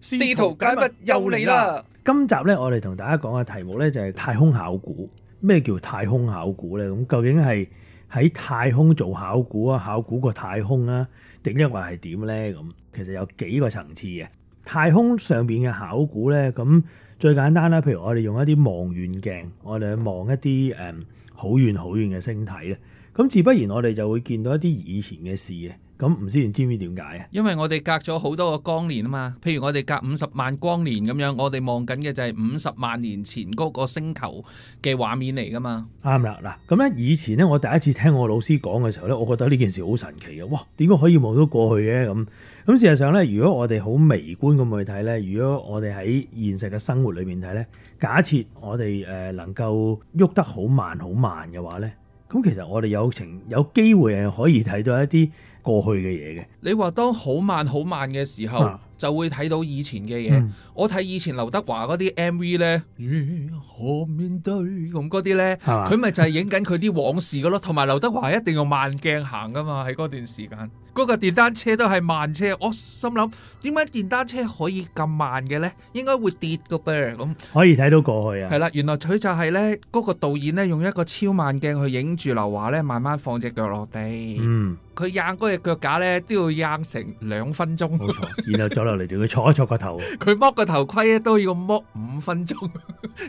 試圖解密又嚟啦！今集咧，我哋同大家講嘅題目咧就係太空考古。咩叫太空考古咧？咁究竟係喺太空做考古啊？考古個太空啊？定抑或係點咧？咁其實有幾個層次嘅太空上邊嘅考古咧？咁最簡單啦，譬如我哋用一啲望遠鏡，我哋去望一啲誒好遠好遠嘅星體咧，咁自不然我哋就會見到一啲以前嘅事咁唔知你知唔知點解啊？因為我哋隔咗好多個光年啊嘛，譬如我哋隔五十萬光年咁樣，我哋望緊嘅就係五十萬年前嗰個星球嘅畫面嚟噶嘛。啱啦，嗱咁咧，以前咧，我第一次聽我老師講嘅時候咧，我覺得呢件事好神奇嘅，哇！點解可以望到過去嘅咁？咁事實上咧，如果我哋好微觀咁去睇咧，如果我哋喺現實嘅生活裏面睇咧，假設我哋誒能夠喐得好慢好慢嘅話咧。咁其實我哋有情有機會係可以睇到一啲過去嘅嘢嘅。你話當好慢好慢嘅時候。啊就會睇到以前嘅嘢。嗯、我睇以前劉德華嗰啲 MV 呢，如、嗯、何面對咁嗰啲呢，佢咪吧就係影緊佢啲往事噶咯。同埋 劉德華一定用慢鏡行噶嘛，喺嗰段時間，嗰、嗰個電單車都係慢車。我心諗點解電單車可以咁慢嘅呢？應該會跌噶噃咁。可以睇到過去啊。係啦，原來佢就係、係、呢。嗰、嗰個導演呢，用一個超慢鏡去影住劉華呢，慢慢放隻腳落地。嗯。佢硬嗰隻腳架咧都要硬成兩分鐘，冇錯，然後走落嚟仲要挫一挫個頭。佢剝個頭盔咧都要剝五分鐘，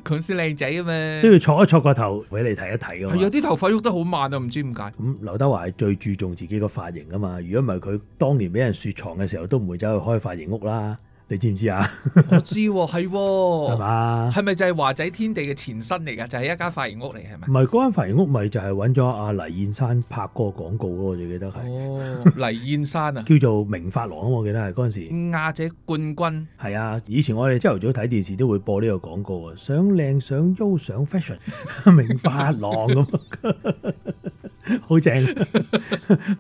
佢先靚仔啊嘛！都要挫一挫個頭俾你睇一睇噶嘛。有啲頭髮喐得好慢啊，唔知點解。咁劉德華係最注重自己個髮型噶嘛，如果唔係佢當年俾人雪藏嘅時候都唔會走去開髮型屋啦。你知唔知啊？ 我知，係係嘛？係咪吧就係華仔天地嘅前身嚟噶？就係、是、一間髮型屋嚟，係咪？唔係嗰間髮型屋，咪就係揾咗阿黎燕山拍個廣告咯，我記得係、哦。黎燕山啊，叫做明發郎，我記得係嗰陣時亞姐冠軍。係啊，以前我哋朝頭早睇電視都會播呢個廣告啊，想靚想優想 fashion 明發郎咁。 好正，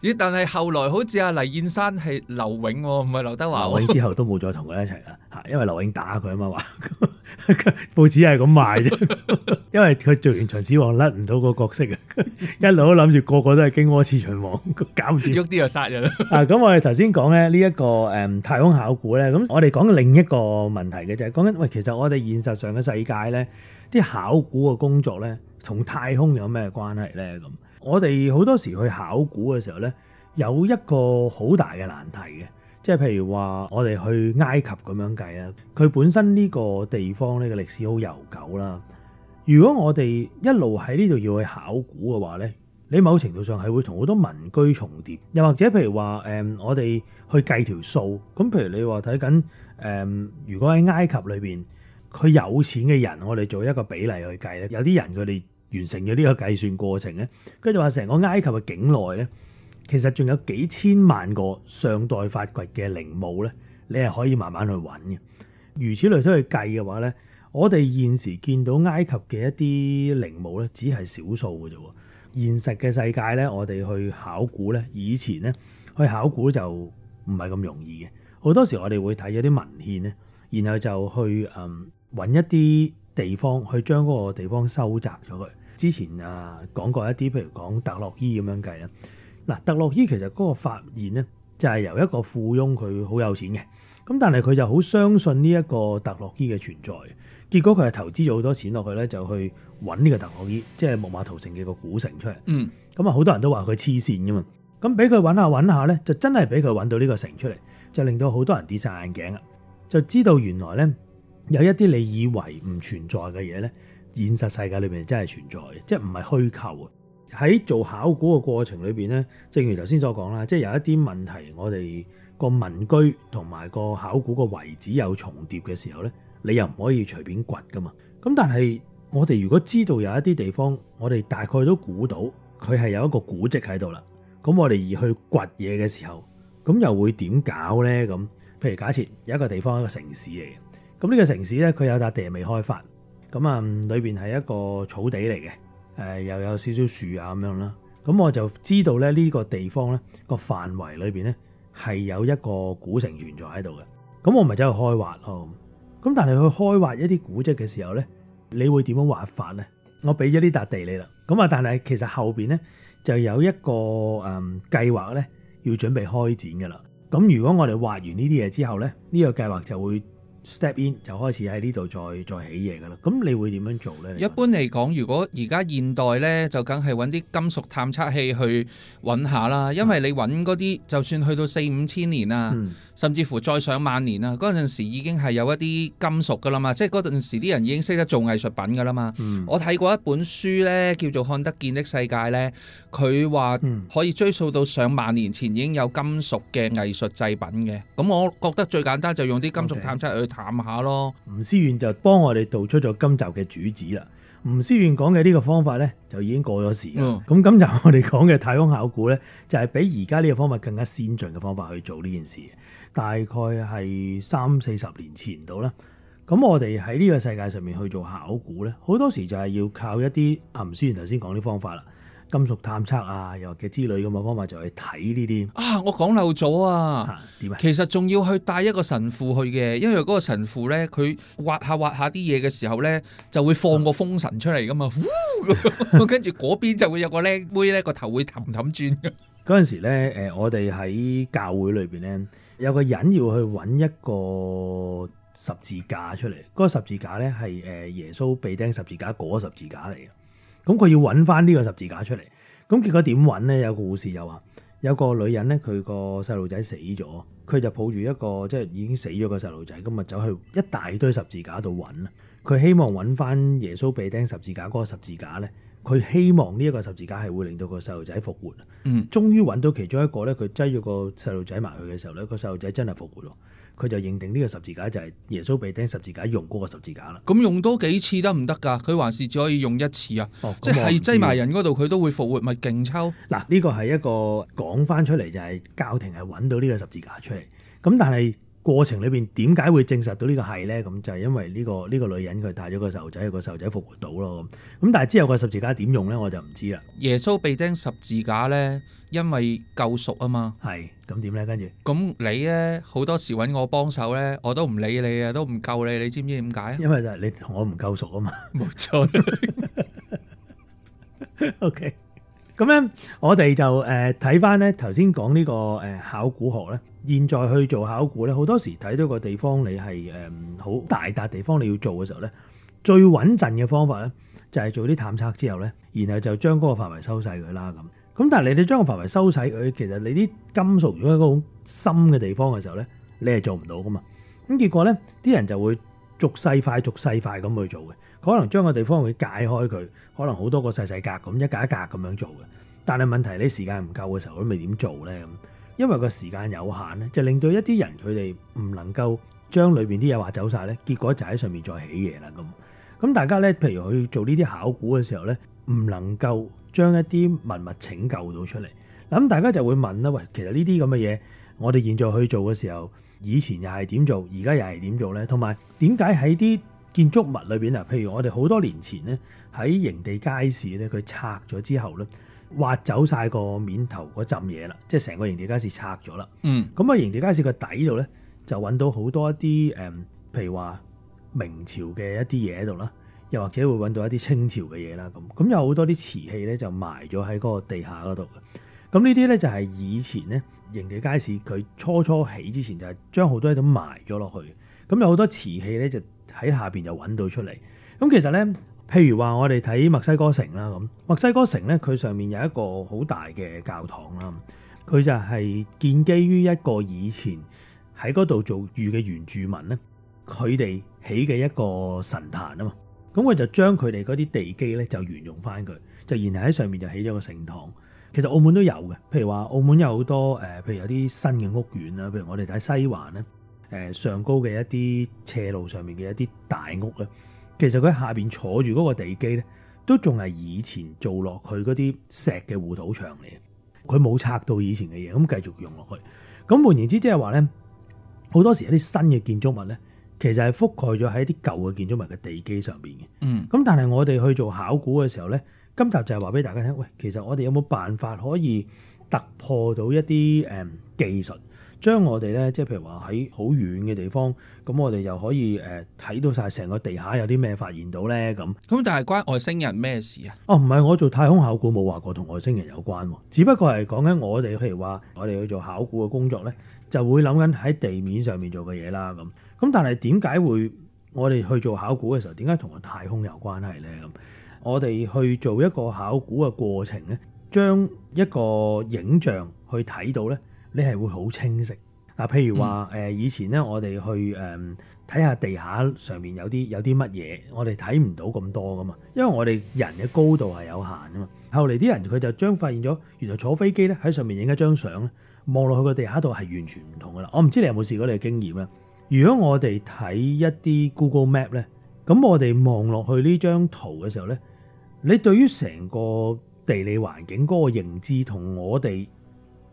咦？ 但係後來好似阿黎燕珊係劉永，唔係劉德華。劉永之後都冇再同佢一齊啦，吓，因為劉永打佢啊嘛，話報紙係咁賣啫。 因為佢做完《秦始皇》甩唔到那個角色啊，一路都諗住個，個個都係荊軻刺秦王，搞掂，喐啲就殺咗啦。啊，咁我哋頭先講咧呢一個誒、嗯、太空考古咧，咁我哋講另一個問題嘅就係講緊喂，其實我哋現實上嘅世界咧，啲考古嘅工作咧，同太空有咩關係咧？咁。我哋好多時去考古嘅時候呢，有一個好大嘅難題嘅，即係譬如話我哋去埃及咁樣計啦，佢本身呢個地方呢個歷史好悠久啦。如果我哋一路喺呢度要去考古嘅話呢，你某程度上係會同好多民居重疊，又或者譬如話誒，我哋去計條數咁，譬如你話睇緊誒，如果喺埃及裏邊，佢有錢嘅人，我哋做一個比例去計呢。有啲人佢哋。完成咗呢個計算過程咧，跟住就話成個埃及嘅境內咧，其實仲有幾千萬個尚待發掘嘅陵墓咧，你係可以慢慢去揾嘅。如此類推去計嘅話咧，我哋現時見到埃及嘅一啲陵墓咧，只係少數嘅啫。現實嘅世界咧，我哋去考古咧，以前咧去考古就唔係咁容易嘅。好多時我哋會睇咗啲文獻咧，然後就去嗯揾一啲地方去將嗰個地方收集咗佢。之前啊，講過一啲，譬如講特洛伊咁樣計啦。嗱，特洛伊其實嗰個發現咧，就係由一個富翁，佢好有錢嘅，咁但係佢就好相信呢一個特洛伊嘅存在，結果佢係投資咗好多錢落去咧，就去揾呢個特洛伊，即係木馬屠城嘅個古城出嚟。嗯，咁啊好多人都話佢黐線噶嘛，咁俾佢揾下揾下咧，就真係俾佢揾到呢個城出嚟，就令到好多人跌晒眼鏡啦，就知道原來咧有一啲你以為唔存在嘅嘢咧。現實世界裏面真係存在嘅，即係唔係虛構啊！喺做考古嘅過程裏邊呢，正如頭先所講啦，即係有一啲問題，我哋個民居同埋個考古個遺址有重疊嘅時候呢，你又唔可以隨便掘噶嘛。咁但係我哋如果知道有一啲地方，我哋大概都估到佢係有一個古蹟喺度啦。咁我哋而去掘嘢嘅時候，咁又會點搞呢？咁譬如假設有一個地方一個城市嚟嘅，咁呢個城市呢，佢有笪地未開發。咁啊，裏面係一個草地嚟嘅，誒又有少少樹啊咁樣啦。咁我就知道咧呢個地方咧個範圍裏面咧係有一個古城存在喺度嘅。咁我咪走去開挖咯。咁但係去開挖一啲古跡嘅時候咧，你會點樣挖法咧？我俾咗呢笪地你啦。咁啊，但係其實後面咧就有一個誒計劃咧要準備開展㗎啦。咁如果我哋挖完呢啲嘢之後咧，呢、這個計劃就會。Step in 就開始喺呢度再再起嘢㗎啦，咁你會點樣做呢？一般嚟講，如果而家現代呢，就梗係揾啲金屬探測器去揾下啦，因為你揾嗰啲就算去到四五千年啊。嗯甚至乎再上萬年啊！嗰陣時已經係有一啲金屬噶啦嘛，即係嗰陣時啲人已經識得做藝術品噶啦嘛。嗯、我睇過一本書呢，叫做《看得見的世界》呢，佢話可以追溯到上萬年前已經有金屬嘅藝術製品嘅。咁、嗯、我覺得最簡單就用啲金屬探測去探下咯。Okay. 吳思遠就幫我哋道出咗今集嘅主旨啦。吳思遠講嘅呢個方法咧，就已經過咗時了。咁、嗯、今集我哋講嘅太空考古咧，就係比而家呢個方法更加先進嘅方法去做呢件事，大概係三四十年前度啦。咁我哋喺呢個世界上面去做考古咧，好多時就係要靠一啲阿吳思遠頭先講啲方法啦。金屬探測啊，又或者之類咁嘅方法，就去睇呢啲。啊，我講漏咗啊！點啊？其實仲要去帶一個神父去嘅，因為嗰個神父咧，佢挖下挖下啲嘢嘅時候咧，就會放個風神出嚟噶嘛。跟住嗰邊就會有個靚妹咧，個 頭會氹氹轉。嗰陣時咧，誒，我哋喺教會裏邊咧，有個人要去揾一個十字架出嚟。嗰個十字架咧，係誒耶穌被釘十字架嗰個十字架嚟嘅。咁佢要揾翻呢個十字架出嚟，咁結果點揾咧？有個護士又話有個女人咧，佢個細路仔死咗，佢就抱住一個即係已經死咗個細路仔，咁啊走去一大堆十字架度揾，佢希望揾翻耶穌被釘十字架嗰個十字架咧，佢希望呢一個十字架係會令到個細路仔復活。嗯，終於揾到其中一個咧，佢擠咗個細路仔埋去嘅時候咧，個細路仔真係復活咯。佢就認定呢個十字架就係耶穌被釘十字架用嗰個十字架啦。咁用多幾次得唔得㗎？佢還是只可以用一次啊！即係擠埋人嗰度，佢都會復活咪勁抽？嗱，呢個係一個講翻出嚟就係教廷係揾到呢個十字架出嚟。咁但係。過程裏邊點解會證實到呢個係呢？咁就係、是、因為呢個呢個女人佢帶咗個受仔，個受仔復活到咯咁。咁但係之後個十字架點用呢？我就唔知啦。耶穌被釘十字架呢，因為救贖啊嘛。係。咁點呢？跟住。咁你呢，好多時揾我幫手呢，我都唔理你啊，都唔救你。你知唔知點解啊？因為就係你同我唔夠熟啊嘛。冇錯。 Okay. 咁咧，我哋就睇翻咧頭先講呢個考古學咧。現在去做考古咧，好多時睇到個地方你係好大笪地方你要做嘅時候咧，最穩陣嘅方法咧就係做啲探測之後咧，然後就將嗰個範圍收細佢啦。咁咁，但係你哋將個範圍收細佢，其實你啲金屬如果喺嗰種深嘅地方嘅時候咧，你係做唔到㗎嘛。咁結果咧，啲人就會。逐細塊、逐細塊咁去做嘅，可能將個地方會解開佢，可能好多個細細格咁一格一格咁樣做嘅。但係問題是你時間唔夠嘅時候都未點做呢？咁，因為個時間有限咧，就令到一啲人佢哋唔能夠將裏邊啲嘢挖走晒。呢結果就喺上面再起嘢啦咁。咁大家呢，譬如去做呢啲考古嘅時候呢，唔能夠將一啲文物，物拯救到出嚟嗱，咁大家就會問啦，喂，其實呢啲咁嘅嘢，我哋現在去做嘅時候。以前又係點做，而家又係點做咧？同埋點解喺啲建築物裏邊啊？譬如我哋好多年前咧，喺營地街市咧，佢拆咗之後咧，挖走晒個面頭嗰浸嘢啦，即係成個營地街市拆咗啦。嗯，咁啊，營地街市嘅底度咧，就揾到好多一啲誒，譬如話明朝嘅一啲嘢喺度啦，又或者會揾到一啲清朝嘅嘢啦。咁咁有好多啲瓷器咧，就埋咗喺嗰個地下嗰度嘅。咁呢啲咧就係以前咧。型嘅街市，佢初初起之前就係將好多嘢都埋咗落去，咁有好多瓷器咧就喺下邊就揾到出嚟。咁其實咧，譬如話我哋睇墨西哥城啦，咁墨西哥城咧佢上面有一個好大嘅教堂啦，佢就係建基於一個以前喺嗰度做玉嘅原住民咧，佢哋起嘅一個神壇啊嘛，咁佢就將佢哋嗰啲地基咧就沿用翻佢，就然後喺上面就起咗個聖堂。其實澳門都有嘅，譬如話澳門有好多誒，譬如有啲新嘅屋苑啊，譬如我哋睇西環咧，誒上高嘅一啲斜路上面嘅一啲大屋啦，其實佢下邊坐住嗰個地基咧，都仲係以前做落去嗰啲石嘅護土牆嚟嘅，佢冇拆到以前嘅嘢，咁繼續用落去。咁換言之，即係話咧，好多時一啲新嘅建築物咧，其實係覆蓋咗喺一啲舊嘅建築物嘅地基上邊嘅。嗯，咁但係我哋去做考古嘅時候咧。今集就係話俾大家聽，喂，其實我哋有冇辦法可以突破到一啲誒技術，將我哋咧，即係譬如話喺好遠嘅地方，咁我哋又可以誒睇到晒成個地下有啲咩發現到咧？咁咁，但係關外星人咩事啊？哦，唔係，我做太空考古冇話過同外星人有關喎，只不過係講緊我哋，譬如話我哋去做考古嘅工作咧，就會諗緊喺地面上面做嘅嘢啦。咁咁，但係點解會我哋去做考古嘅時候，點解同個太空有關係咧？咁？我哋去做一個考古嘅過程咧，將一個影像去睇到咧，你係會好清晰。嗱，譬如話、嗯、以前咧，我哋去誒睇下地下上面有啲有啲乜嘢，我哋睇唔到咁多噶嘛，因為我哋人嘅高度係有限啊嘛。後嚟啲人佢就將發現咗，原來坐飛機咧，喺上面影一張相咧，望落去個地下度係完全唔同噶啦。我唔知你有冇試過你嘅經驗啦。如果我哋睇一啲 Google Map 咧，咁我哋望落去呢張圖嘅時候咧，你對於成個地理環境嗰個認知同我哋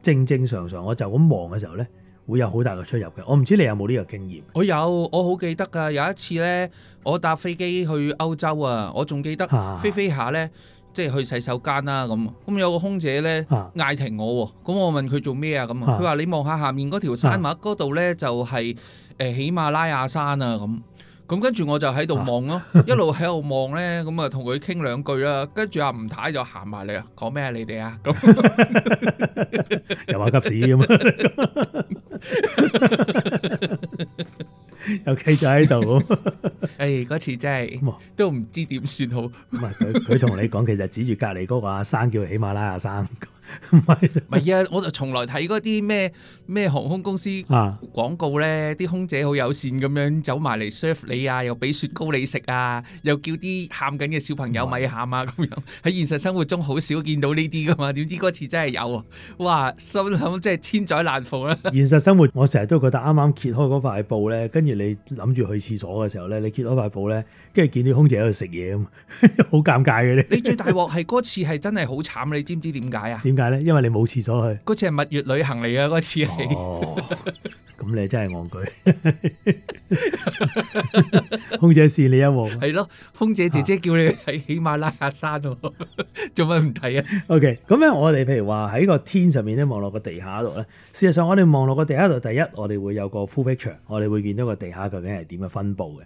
正正常常，我就咁望嘅時候呢，會有好大嘅出入嘅。我唔知你有冇呢個經驗？我有，我好記得㗎。有一次呢，我搭飛機去歐洲啊，我仲記得飛飛下呢，啊、即係去洗手間啦咁。咁有個空姐呢，嗌停我喎，咁、啊、我問佢做咩啊？咁佢話：你望下下面嗰條山脈嗰度呢，啊、就係喜馬拉雅山啊咁。咁跟住我就喺度望咯，一路喺度望咧，咁啊同佢傾兩句啦。跟住阿吳太就行埋嚟啊，講咩啊你哋啊？又話急屎咁，又企咗喺度。誒，嗰次真係都唔知點算好。唔係，佢佢同你講，其實指住隔籬嗰個阿生叫喜馬拉雅山。唔係，唔係啊！我就從來睇嗰啲咩咩航空公司廣告咧，啲、啊、空姐好友善咁樣走埋嚟 serve 你啊，又俾雪糕你食啊，又叫啲喊緊嘅小朋友咪喊啊，咁哇樣喺現實生活中好少見到呢啲噶嘛？點知嗰次真係有，哇！心諗真係千載難逢啦。現實生活我成日都覺得啱啱揭開嗰塊布咧，跟住你諗住去廁所嘅時候咧，你揭開塊布咧，跟住見到空姐喺度食嘢咁，好 尷尬嘅咧。你最大鑊係嗰次係真係好慘，你知唔知點解啊？點解咧，因為你冇廁所去。嗰次係蜜月旅行嚟嘅，嗰次係。哦，咁 你真係戇居。空姐試你一望。係咯，空姐姐姐叫你喺喜馬拉雅山度，做乜唔睇啊？O K，咁咧，okay，我哋譬如話喺個天上面咧望落個地下度咧，事實上我哋望落個地下度，第一我哋會有個 full picture，我哋會見到個地下究竟係點樣分布嘅。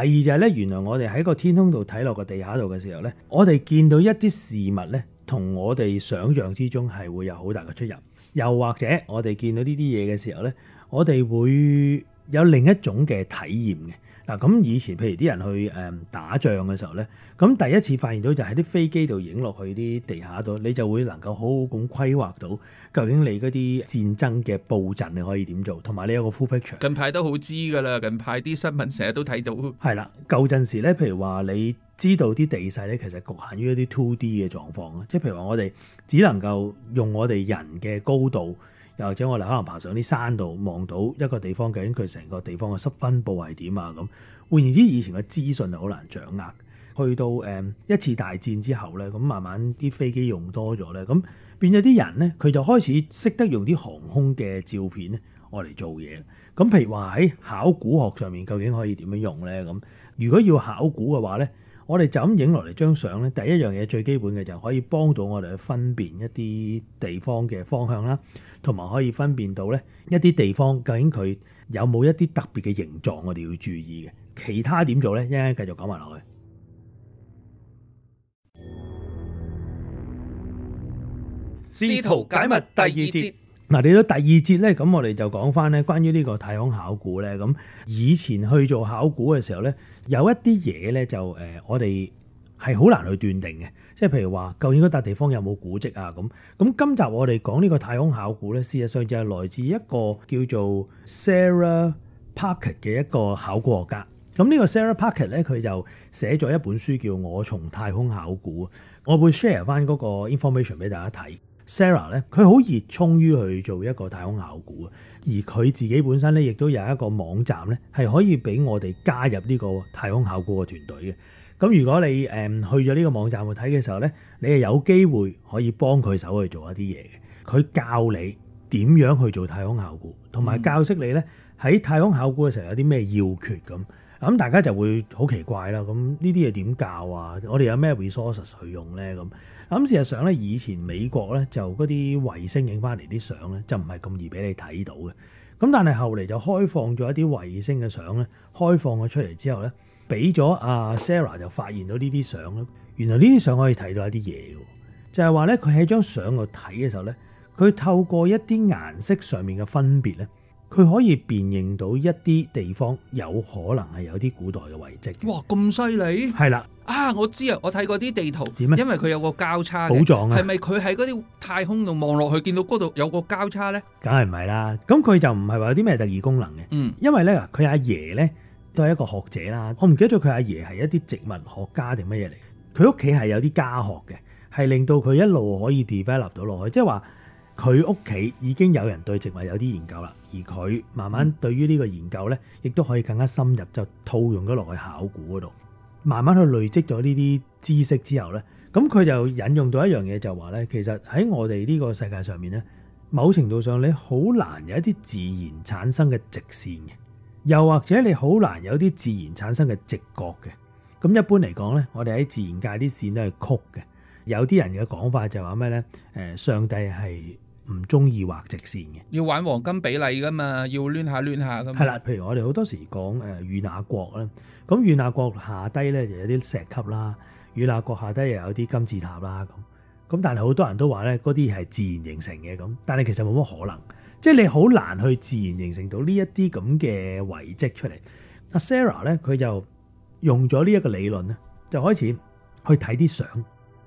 第二就係咧，原來我哋喺個天空度睇落個地下度嘅時候咧，我哋見到一啲事物咧。同我哋想象之中係會有好大嘅出入，又或者我哋見到呢啲嘢嘅時候呢，我哋會有另一種嘅體驗嘅。嗱，咁以前譬如啲人去誒打仗嘅時候呢，咁第一次發現到就喺啲飛機度影落去啲地下度，你就會能夠好好咁規劃到究竟你嗰啲戰爭嘅佈陣你可以點做，同埋你一個 full picture。近排都好知㗎啦，近排啲新聞成日都睇到。係啦，舊陣時呢，譬如話你。知道啲地勢咧，其實局限於一啲 two D 嘅狀況啊，即係譬如話我哋只能夠用我哋人嘅高度，又或者我哋可能爬上啲山度望到一個地方究竟佢成個地方嘅濕分布係點啊咁。換言之，以前嘅資訊係好難掌握。去到誒一次大戰之後咧，咁慢慢啲飛機用多咗咧，咁變咗啲人咧，佢就開始識得用啲航空嘅照片咧，我嚟做嘢。咁譬如話喺考古學上面究竟可以點樣用咧？咁如果要考古嘅話咧？我哋就咁影落嚟張相咧，第一樣嘢最基本嘅就可以幫到我哋去分辨一啲地方嘅方向啦，同埋可以分辨到呢一啲地方究竟佢有冇一啲特別嘅形狀，我哋要注意嘅。其他點做呢？一陣繼續講埋落去。試圖解密第二節。嗱，嚟到第二節咧，咁我哋就講翻咧關於呢個太空考古咧。咁以前去做考古嘅時候咧，有一啲嘢咧就誒，我哋係好難去斷定嘅。即係譬如話，究竟嗰笪地方有冇古蹟啊？咁咁，今集我哋講呢個太空考古咧，事實上就係來自一個叫做 Sarah Parcak 嘅一個考古學家。咁呢個 Sarah Parcak 咧，佢就寫咗一本書叫《我從太空考古》。我會 share 翻嗰個 information 俾大家睇。Sarah 咧，佢好熱衷於去做一個太空考古啊，而佢自己本身咧，亦都有一個網站咧，係可以俾我哋加入呢個太空考古嘅團隊嘅。咁如果你誒去咗呢個網站去睇嘅時候咧，你係有機會可以幫佢手去做一啲嘢嘅。佢教你點樣去做太空考古，同埋教識你咧喺太空考古嘅時候有啲咩要訣咁。咁大家就會好奇怪啦。咁呢啲嘢點教啊？我哋有咩 resource 去用咧咁？咁事實上咧，以前美國咧就嗰啲衛星影翻嚟啲相咧，就唔係咁易俾你睇到嘅。咁但係後嚟就開放咗一啲衛星嘅相咧，開放咗出嚟之後咧，俾咗阿 Sarah 就發現到呢啲相咧，原來呢啲相可以睇到一啲嘢嘅，就係話咧佢喺張相度睇嘅時候咧，佢透過一啲顏色上面嘅分別咧，佢可以辨認到一啲地方有可能係有啲古代嘅遺跡。哇！咁犀利？係啦。啊！我知啊，我睇過啲地圖，因為佢有個交叉嘅，寶藏啊！係咪佢喺嗰啲太空度望落去，見到嗰度有個交叉咧？梗係唔係啦。咁佢就唔係話有啲咩特異功能嘅，因為咧，佢阿爺咧都係一個學者啦。我唔記得咗佢阿爺係一啲植物學家定乜嘢嚟？佢屋企係有啲家學嘅，係令到佢一路可以 develop 到落去，即係話佢屋企已經有人對植物有啲研究啦，而佢慢慢對於呢個研究咧，亦都可以更加深入，就套用咗落去考古嗰度。慢慢去累積咗呢啲知識之後咧，咁佢就引用到一樣嘢就話咧，其實喺我哋呢個世界上面咧，某程度上你好難有一啲自然產生嘅直線嘅，又或者你好難有啲自然產生嘅直角嘅。咁一般嚟講咧，我哋喺自然界啲線都係曲嘅。有啲人嘅講法就話咩咧？誒，上帝係，唔中意畫直線嘅，要玩黃金比例噶嘛，要攣下攣下咁。係啦，譬如我哋好多時講誒與那國啦，咁與那國下低咧就有啲石級啦，與那國下低又有啲金字塔啦咁。咁但係好多人都話咧，嗰啲係自然形成嘅咁，但係其實冇乜可能，即係你好難去自然形成到呢一啲咁嘅遺跡出嚟。阿 Sarah 咧，佢就用咗呢一個理論咧，就開始去睇啲相。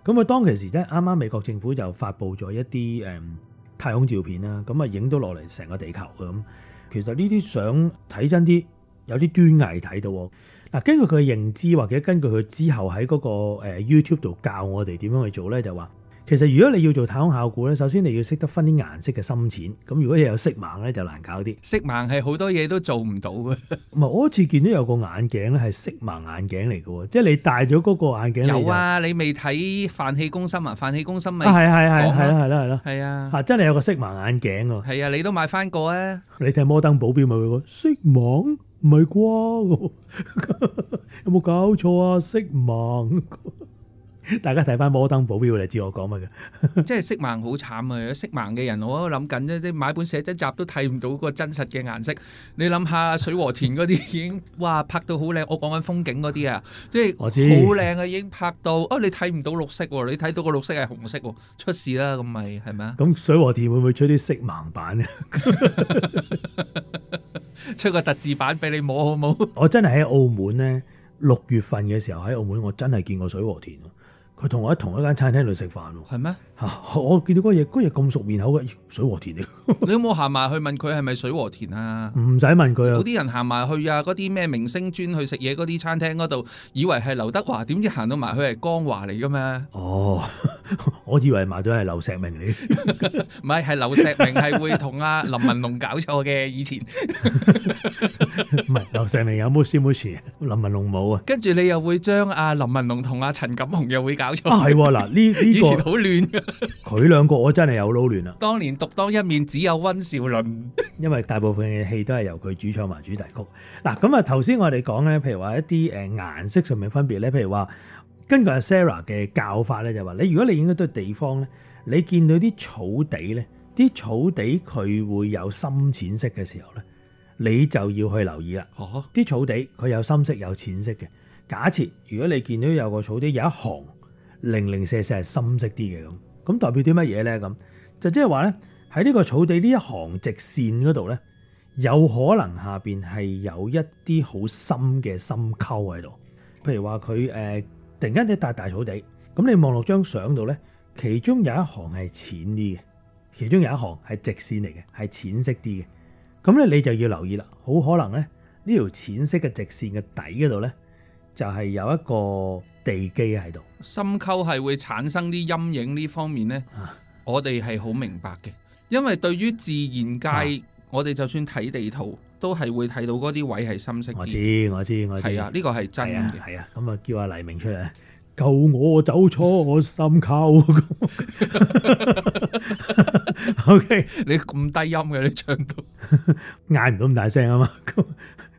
咁佢當其時咧，啱啱美國政府就發布咗一啲誒。嗯太空照片啦，咁啊影到落嚟成個地球咁，其實呢啲相睇真啲有啲端倪睇到喎。嗱，根據佢嘅認知或者根據佢之後喺嗰個誒 YouTube 度教我哋點樣去做咧，就話、是。其實如果你要做太空考古咧，首先你要識得分啲顏色嘅深淺。咁如果你有色盲咧，就難搞啲。色盲係好多嘢都做唔到嘅。唔係，我好似見到有個眼鏡咧係色盲眼鏡嚟嘅喎，即係你戴咗嗰個眼鏡。有啊，你未睇泛氣攻心啊？泛氣攻心咪係係係係啦係啦係啦。係啊。嚇！真係有個色盲眼鏡喎。係啊，你都買翻個啊？你睇摩登保鏢咪會話色盲，唔係啩？有冇搞錯啊？色盲。大家睇翻摩登保鏢嚟，你知我講乜嘅？ 即係色盲好慘啊！色盲嘅人我諗緊咧，即買本寫真集都睇唔到個真實嘅顏色。你諗下水禾田嗰啲已經，哇拍到好靚！我講緊風景嗰啲啊，即係好靚啊，已經拍到哦！你睇唔到綠色喎，你睇到個綠色係紅色喎，出事啦，咁咪係咪啊？咁、就是、水禾田會唔會出啲色盲版嘅？ 出個特字版俾你摸好冇？我真係喺澳門咧六月份嘅時候喺澳門，澳門我真係見過水禾田。佢同我喺同一間餐廳度食飯喎，係咩嗎、啊？我見到嗰嘢居然咁熟面口嘅，水禾田，你有冇行埋去問佢係咪水禾田啊？唔使問佢，嗰啲人行埋去啊，嗰啲咩明星專去食嘢嗰啲餐廳嗰度，以為係劉德華，點知行到埋去係江華嚟㗎嘛？哦，我以為埋咗係劉錫明嚟，唔係係劉錫明係會同阿林文龍搞錯嘅以前，唔 係劉錫明有冇先冇前，林文龍冇啊。跟住你又會將阿林文龍同阿陳錦鴻又會搞。啊，係嗱、啊，呢、這、呢個以前好亂，佢兩個我真係有撈亂啊！當年獨當一面，只有温兆倫， 因為大部分嘅戲都係由佢主唱埋主題曲。嗱、啊，咁啊頭先我哋講咧，譬如話一啲誒顏色上面分別咧，譬如話根據阿 Sarah 嘅教法咧，就話你如果你影咗對地方咧，你見到啲草地咧，啲草地佢會有深淺色嘅時候咧，你就要去留意啦。啲草地佢有深色有淺色嘅。假設如果你見到有一個草地有一行。零零四四係深色啲嘅咁，咁代表啲乜嘢咧？咁就即係話咧，喺呢個草地呢一行直線嗰度咧，有可能下邊係有一啲好深嘅深溝喺度。譬如話佢誒，突然間一笪大草地，咁你望落張相度咧，其中有一行係淺啲嘅，其中有一行係直線嚟嘅，係淺色啲嘅。咁咧你就要留意啦，好可能咧呢條淺色嘅直線嘅底嗰度咧，就係有一個。地基喺度，深溝係會產生啲陰影呢方面咧，啊、我哋係好明白嘅，因為對於自然界，啊、我哋就算睇地圖，都係會睇到嗰啲位係深色我。我知我知我知，係啊，呢個係真嘅。係啊，咁啊，叫阿黎明出嚟 救我，走錯我深溝。OK，你咁低音嘅你唱到，嗌唔到咁大聲啊嘛。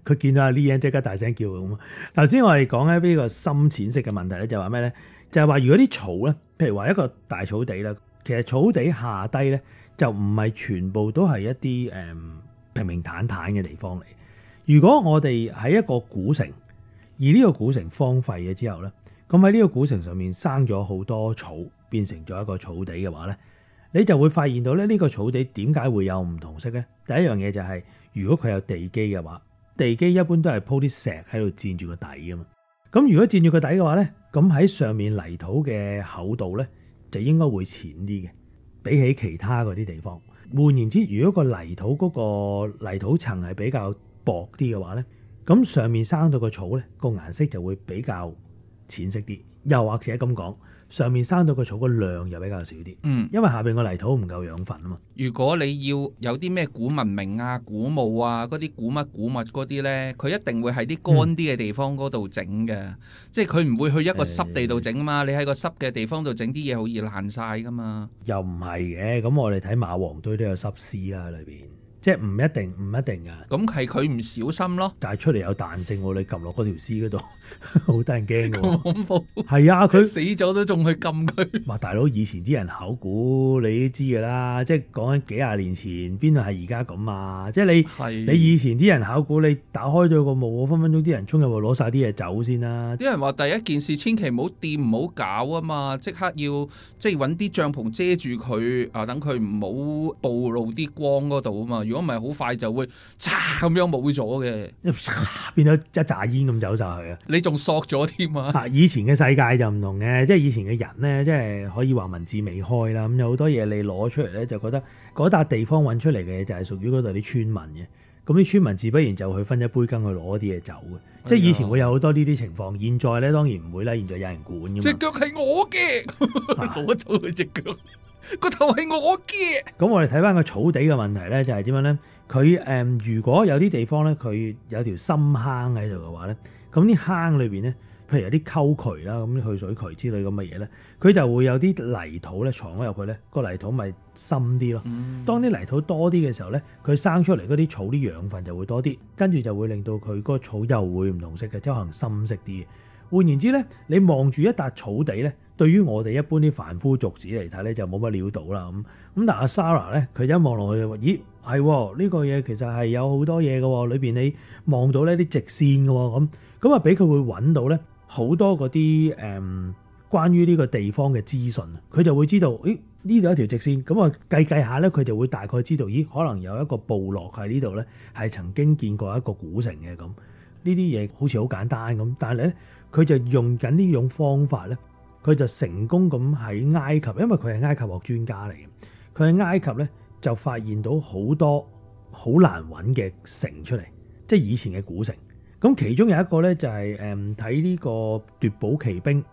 佢見到阿 Lian 即刻大聲叫咁。頭先我哋講咧呢個深淺色嘅問題咧，就係話咩咧？就係話如果啲草咧，譬如話一個大草地啦，其實草地下低咧就唔係全部都係一啲誒、嗯、平平坦坦嘅地方嚟。如果我哋喺一個古城，而呢個古城荒廢咗之後咧，咁喺呢個古城上面生咗好多草，變成咗一個草地嘅話咧，你就會發現到咧呢個草地點解會有唔同色咧？第一樣嘢就係、是、如果佢有地基嘅話。地基一般都係鋪啲石喺度墊住個底噶嘛，咁如果墊住個底嘅話咧，咁喺上面泥土嘅厚度咧，就應該會淺啲嘅，比起其他嗰啲地方。換言之，如果個泥土嗰個泥土層係比較薄啲嘅話咧，咁上面生到個草咧，個顏色就會比較淺色啲，又或者咁講。上面生到個草嘅量又比較少啲，嗯，因為下面個泥土唔夠養分啊嘛。如果你要有啲咩古文明啊、古墓啊、嗰啲古乜古物嗰啲呢，佢一定會喺啲乾啲嘅地方嗰度整嘅，嗯、即係佢唔會去一個濕地度整啊嘛。你喺個濕嘅地方度整啲嘢，好易爛晒噶嘛。又唔係嘅，咁我哋睇馬王堆都有濕屍啊，裏面。即係唔一定，唔一定噶。咁係佢唔小心咯。但係出嚟有彈性喎，你撳落嗰條屍嗰度，好得人驚喎。恐怖。係啊，佢死咗都仲去撳佢。哇，大佬以前啲人考古你都知噶啦，即係講緊幾廿年前，邊度係而家咁啊？即係你，的你以前啲人考古，你打開咗個墓，分分鐘啲人衝入去攞晒啲嘢走先啦，啊。啲人話第一件事千，千祈唔好掂，唔好搞啊嘛！即刻要即係搵啲帳篷遮住佢啊，等佢唔好暴露啲光嗰度啊嘛。如果唔係，好快就會嚓咁樣冇咗嘅，變咗一扎煙咁走晒去啊！你仲索咗添啊！以前嘅世界就唔同嘅，即係以前嘅人咧，即係可以話文字未開啦，咁有好多嘢你攞出嚟咧，就覺得嗰笪地方搵出嚟嘅嘢就係屬於嗰度啲村民嘅，咁啲村民自不然就去分一杯羹去攞啲嘢走嘅，即係以前會有好多呢啲情況。現在咧當然唔會啦，現在有人管腳。隻腳係我嘅，攞走佢隻腳。個頭係我嘅。咁我哋睇翻個草地嘅問題咧，就係點樣咧？佢誒，如果有啲地方咧，佢有條深坑喺度嘅話咧，咁啲坑裏邊咧，譬如有啲溝渠啦，咁去水渠之類咁嘅嘢咧，佢就會有啲泥土咧藏咗入去咧，個泥土咪深啲咯。當啲泥土多啲嘅時候咧，佢生出嚟嗰啲草啲養分就會多啲，跟住就會令到佢嗰個草又會唔同色嘅，即係可能深色啲。換言之咧，你望住一笪草地咧，對於我哋一般啲凡夫俗子嚟睇咧，就冇乜料到啦咁。咁但係阿 Sarah 咧，佢一望落去就，咦係呢、呢個嘢其實係有好多嘢嘅喎，裏面你望到呢啲直線嘅喎咁，咁啊俾佢會揾到咧好多嗰啲誒關於呢個地方嘅資訊啊，佢就會知道，咦呢度一條直線，咁啊計計下咧，佢就會大概知道，咦可能有一個部落喺呢度咧，係曾經見過一個古城嘅咁。呢啲嘢好似好簡單咁，但係咧。佢就用緊呢種方法咧，佢就成功咁喺埃及，因為佢係埃及學專家嚟嘅，佢喺埃及咧就發現到好多好難揾嘅城出嚟，即係以前嘅古城。咁其中有一個咧就係誒睇呢個奪寶奇兵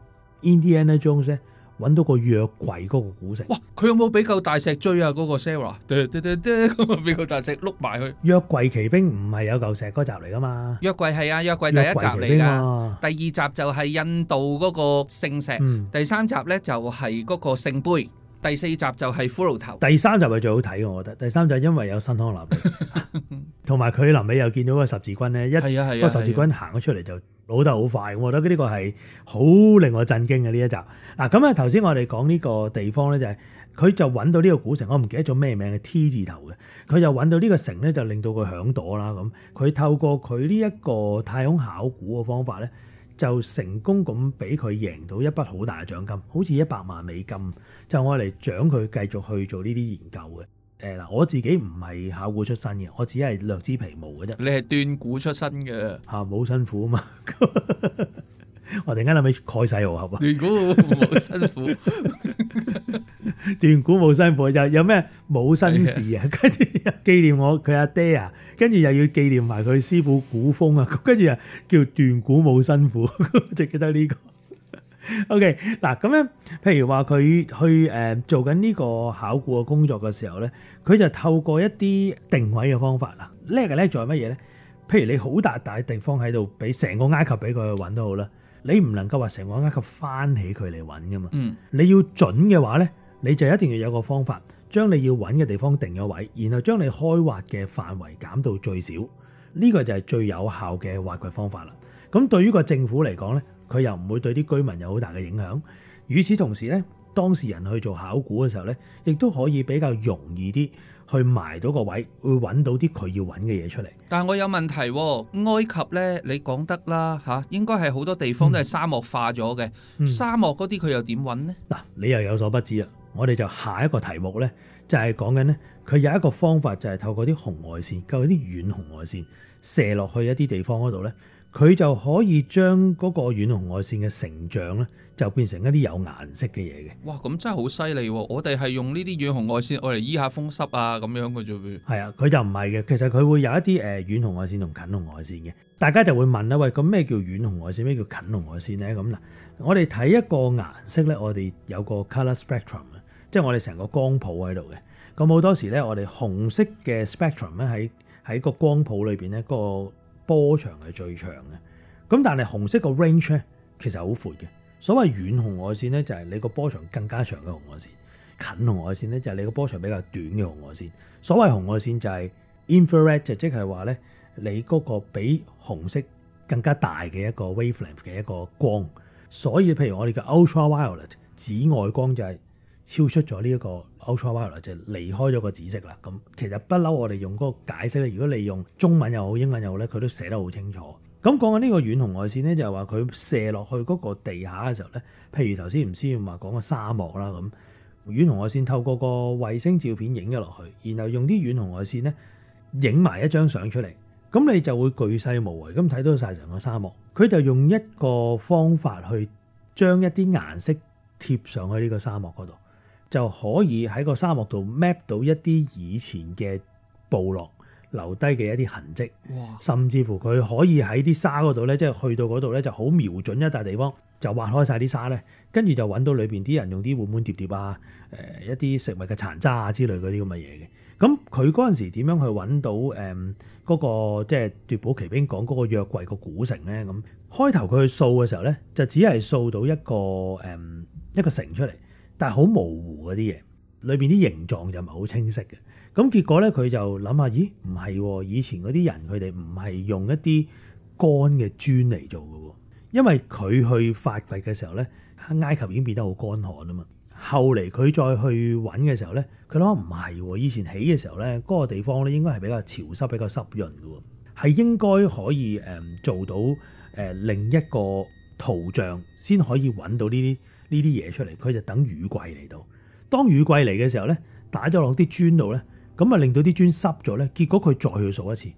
Indiana Jones。揾到個約櫃嗰個古城，哇！佢有冇畀嚿大石追啊？嗰、嗰個 Sarah，喋喋喋咁啊，畀嚿大石碌埋去。約櫃奇兵唔係有嚿石嗰集嚟噶嘛？約櫃係啊，約櫃第一集嚟噶，第二集就係印度嗰個聖石，嗯、第三集咧就係嗰個聖杯。第四集就係骷髏頭，第三集係最好睇嘅，我覺得第三集就因為有新康納，同埋佢臨尾又見到個十字軍咧，一個十字軍行咗出嚟就老得好快，我覺得呢個係好令我震驚嘅呢一集。嗱咁啊，頭先我哋講呢個地方咧，就係、是、佢就揾到呢個古城，我唔記得咗咩名嘅 T 字頭嘅，佢就揾到呢個城咧，就令到佢響朵啦咁。佢透過佢呢一個太空考古嘅方法咧。就成功咁俾佢贏到一筆好大嘅獎金，好似一百萬美金，就我嚟獎佢繼續去做呢啲研究嘅。誒、欸、嗱，我自己唔係考古出身嘅，我只係略知皮毛嘅啫。你係段古出身嘅嚇，冇辛苦啊嘛。 我突然間諗起蓋世、啊、 豪俠，段古冇辛苦，段古冇辛苦，有有咩冇身事啊？跟住又紀念我佢阿爹啊，跟住又要紀念埋佢師傅古風啊，跟住啊叫段古冇辛苦，我就記得呢、呢個。OK，嗱咁樣，譬如話佢去誒、呃、做緊呢個考古嘅工作嘅時候咧，佢就透過一啲定位嘅方法啦。叻嘅咧，仲有乜嘢咧？譬如你好大大的地方喺度，俾成個埃及俾佢去揾都好啦。你唔能夠話成個埃及翻起佢嚟揾㗎嘛？嗯，你要準嘅話咧，你就一定要有一個方法，將你要揾嘅地方定咗位，然後將你開挖嘅範圍減到最少，呢個就係最有效嘅挖掘方法啦。咁對於個政府嚟講咧，佢又唔會對啲居民有好大嘅影響。與此同時咧，當事人去做考古嘅時候呢，亦都可以比較容易啲去埋到個位，會揾到啲佢要揾嘅嘢出嚟。但係我有問題喎，埃及呢，你講得啦嚇，應該係好多地方都係沙漠化咗嘅，嗯、沙漠嗰啲佢又點揾呢？嗱、嗯，你又有所不知啊！我哋就下一個題目呢，就係、是、講緊呢，佢有一個方法就係透過啲紅外線，夠啲遠紅外線射落去一啲地方嗰度呢。佢就可以將嗰個遠紅外線嘅成像咧，就變成一啲有顏色嘅嘢嘅。哇！咁真係好犀利喎！我哋係用呢啲遠紅外線我嚟醫下風濕啊咁樣嘅啫？唔係。係啊，佢就唔係嘅。其實佢會有一啲誒遠紅外線同近紅外線嘅。大家就會問啦：喂，咁咩叫遠紅外線？咩叫近紅外線咧？咁嗱，我哋睇一個顏色咧，我哋有個 colour spectrum 啊，即係我哋成個光譜喺度嘅。咁好多時咧，我哋紅色嘅 spectrum 咧喺喺個光譜裏邊咧嗰個。波長係最長嘅，咁但係紅色個 range 咧其實好闊嘅。所謂遠紅外線咧，就係你個波長更加長嘅紅外線；近紅外線咧，就係你個波長比較短嘅紅外線。所謂紅外線就係 infrared，就即係話咧，你嗰個比紅色更加大嘅一個 wavelength 嘅一個光。所以譬如我哋嘅 ultraviolet 紫外光就係超出咗呢一個。Ultraviolet，就離開咗個紫色啦，咁其實不嬲，我哋用嗰個解釋咧。如果你用中文又好，英文又好咧，佢都寫得好清楚。咁講緊呢個遠紅外線咧，就係話佢射落去嗰個地下嘅時候咧，譬如頭先唔需要話講個沙漠啦，咁遠紅外線透過個衛星照片影咗落去，然後用啲遠紅外線咧影埋一張相出嚟，咁你就會巨細無遺咁睇到晒成個沙漠。佢就用一個方法去將一啲顏色貼上去呢個沙漠嗰度。就可以喺個沙漠度 map 到一啲以前嘅部落留低嘅一啲痕跡，甚至乎佢可以喺啲沙嗰度咧，即係去到嗰度咧就好瞄準一笪地方，就挖開晒啲沙咧，跟住就揾到裏邊啲人用啲碗碗碟碟啊，誒一啲食物嘅殘渣啊之類嗰啲咁嘅嘢嘅。咁佢嗰陣時點樣去揾到誒嗰個即係奪寶奇兵講嗰個約櫃個古城咧？咁開頭佢去掃嘅時候咧，就只係掃到一個誒一個城出嚟。但係好模糊嗰啲嘢，裏邊啲形狀就唔係好清晰嘅。咁結果咧，佢就諗下，咦？唔係，以前嗰啲人佢哋唔係用一啲乾嘅磚嚟做嘅喎。因為佢去發掘嘅時候咧，埃及已經變得好乾旱啊嘛。後嚟佢再去揾嘅時候咧，佢諗唔係喎，以前起嘅時候咧，嗰個地方咧應該係比較潮濕、比較濕潤嘅喎，係應該可以誒做到誒另一個圖像先可以揾到呢啲。呢啲嘢出嚟，佢就等雨季嚟到。當雨季嚟嘅時候咧，打咗落啲磚度咧，咁啊令到啲磚濕咗咧。結果佢再去掃一次，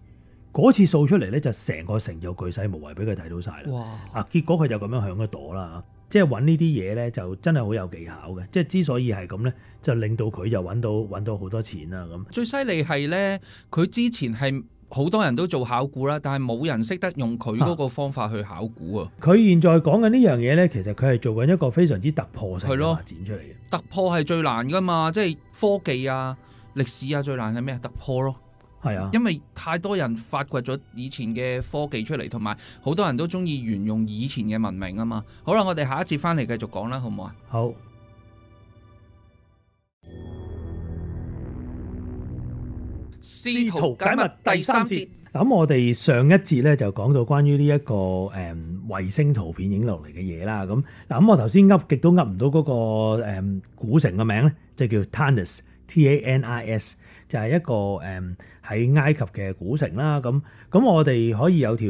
嗰次掃出嚟咧就成個城就巨細無遺俾佢睇到晒啦。啊哇，結果佢就咁樣響一朵啦。即係揾呢啲嘢咧，就真係好有技巧嘅。即係之所以係咁咧，就令到佢又揾到揾到好多錢啦。咁最犀利係咧，佢之前係。好多人都做考古啦，但係冇人識得用佢嗰個方法去考古啊！佢現在講緊呢樣嘢呢，其實佢係做緊一個非常之突破性嘅發展出嚟嘅。突破係最難噶嘛，即係科技啊、歷史啊，最難係咩啊？突破咯，係啊的，因為太多人發掘咗以前嘅科技出嚟，同埋好多人都中意沿用以前嘅文明啊嘛。好啦，我哋下一節翻嚟繼續講啦，好唔好啊？好。好試圖解密第三節。咁我哋上一節咧就講到關於呢一個誒衛星圖片影落嚟嘅嘢啦。咁嗱，咁我頭先噏極都噏唔到嗰個古城嘅名咧，就叫 Tanis。T A N I S 就係一個誒喺埃及嘅古城啦，咁咁我哋可以有條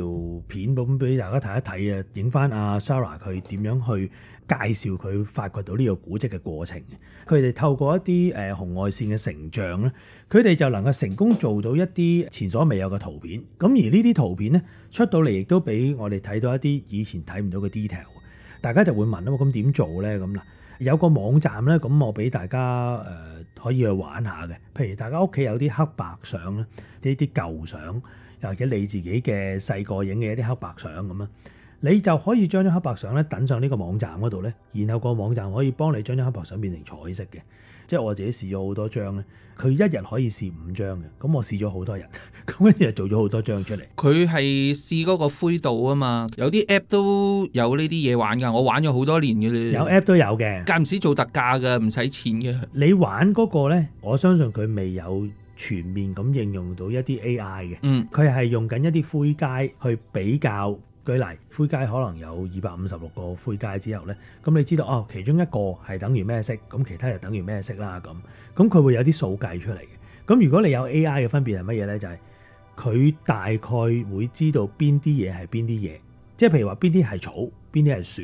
片咁俾大家睇一睇啊，影翻阿 Sarah 佢點樣去介紹佢發掘到呢個古跡嘅過程。佢哋透過一啲誒紅外線嘅成像咧，佢哋就能夠成功做到一啲前所未有嘅圖片。咁而呢啲圖片咧出到嚟亦都俾我哋睇到一啲以前睇唔到嘅 detail。大家就會問啊咁點做咧咁嗱？有個網站咧，咁我俾大家、呃、可以去玩下嘅。譬如大家屋企有啲黑白相咧，呢啲舊相，又或者你自己嘅細個影嘅一啲黑白相咁樣，你就可以將張黑白相咧登上呢個網站嗰度咧，然後個網站可以幫你將張黑白相變成彩色嘅。即係我自己試咗好多張咧，佢一日可以試五張嘅，咁我試咗好多日，咁一日做咗好多張出嚟。佢係試嗰個灰度啊嘛，有啲 app 都有呢啲嘢玩㗎，我玩咗好多年嘅。有 app 都有嘅，間唔時做特價㗎，唔使錢嘅。你玩嗰、那個咧，我相信佢未有全面咁應用到一啲 AI 嘅，佢係、嗯、用緊一啲灰階去比較。舉例，灰階可能有二百五十六個灰階之後呢，咁你知道哦，其中一個係等於咩色，咁其他就等於咩色啦咁。咁佢會有啲數計出嚟嘅。咁如果你有 AI 嘅分別係乜嘢呢？就係佢大概會知道邊啲嘢係邊啲嘢，即係譬如話邊啲係草，邊啲係樹，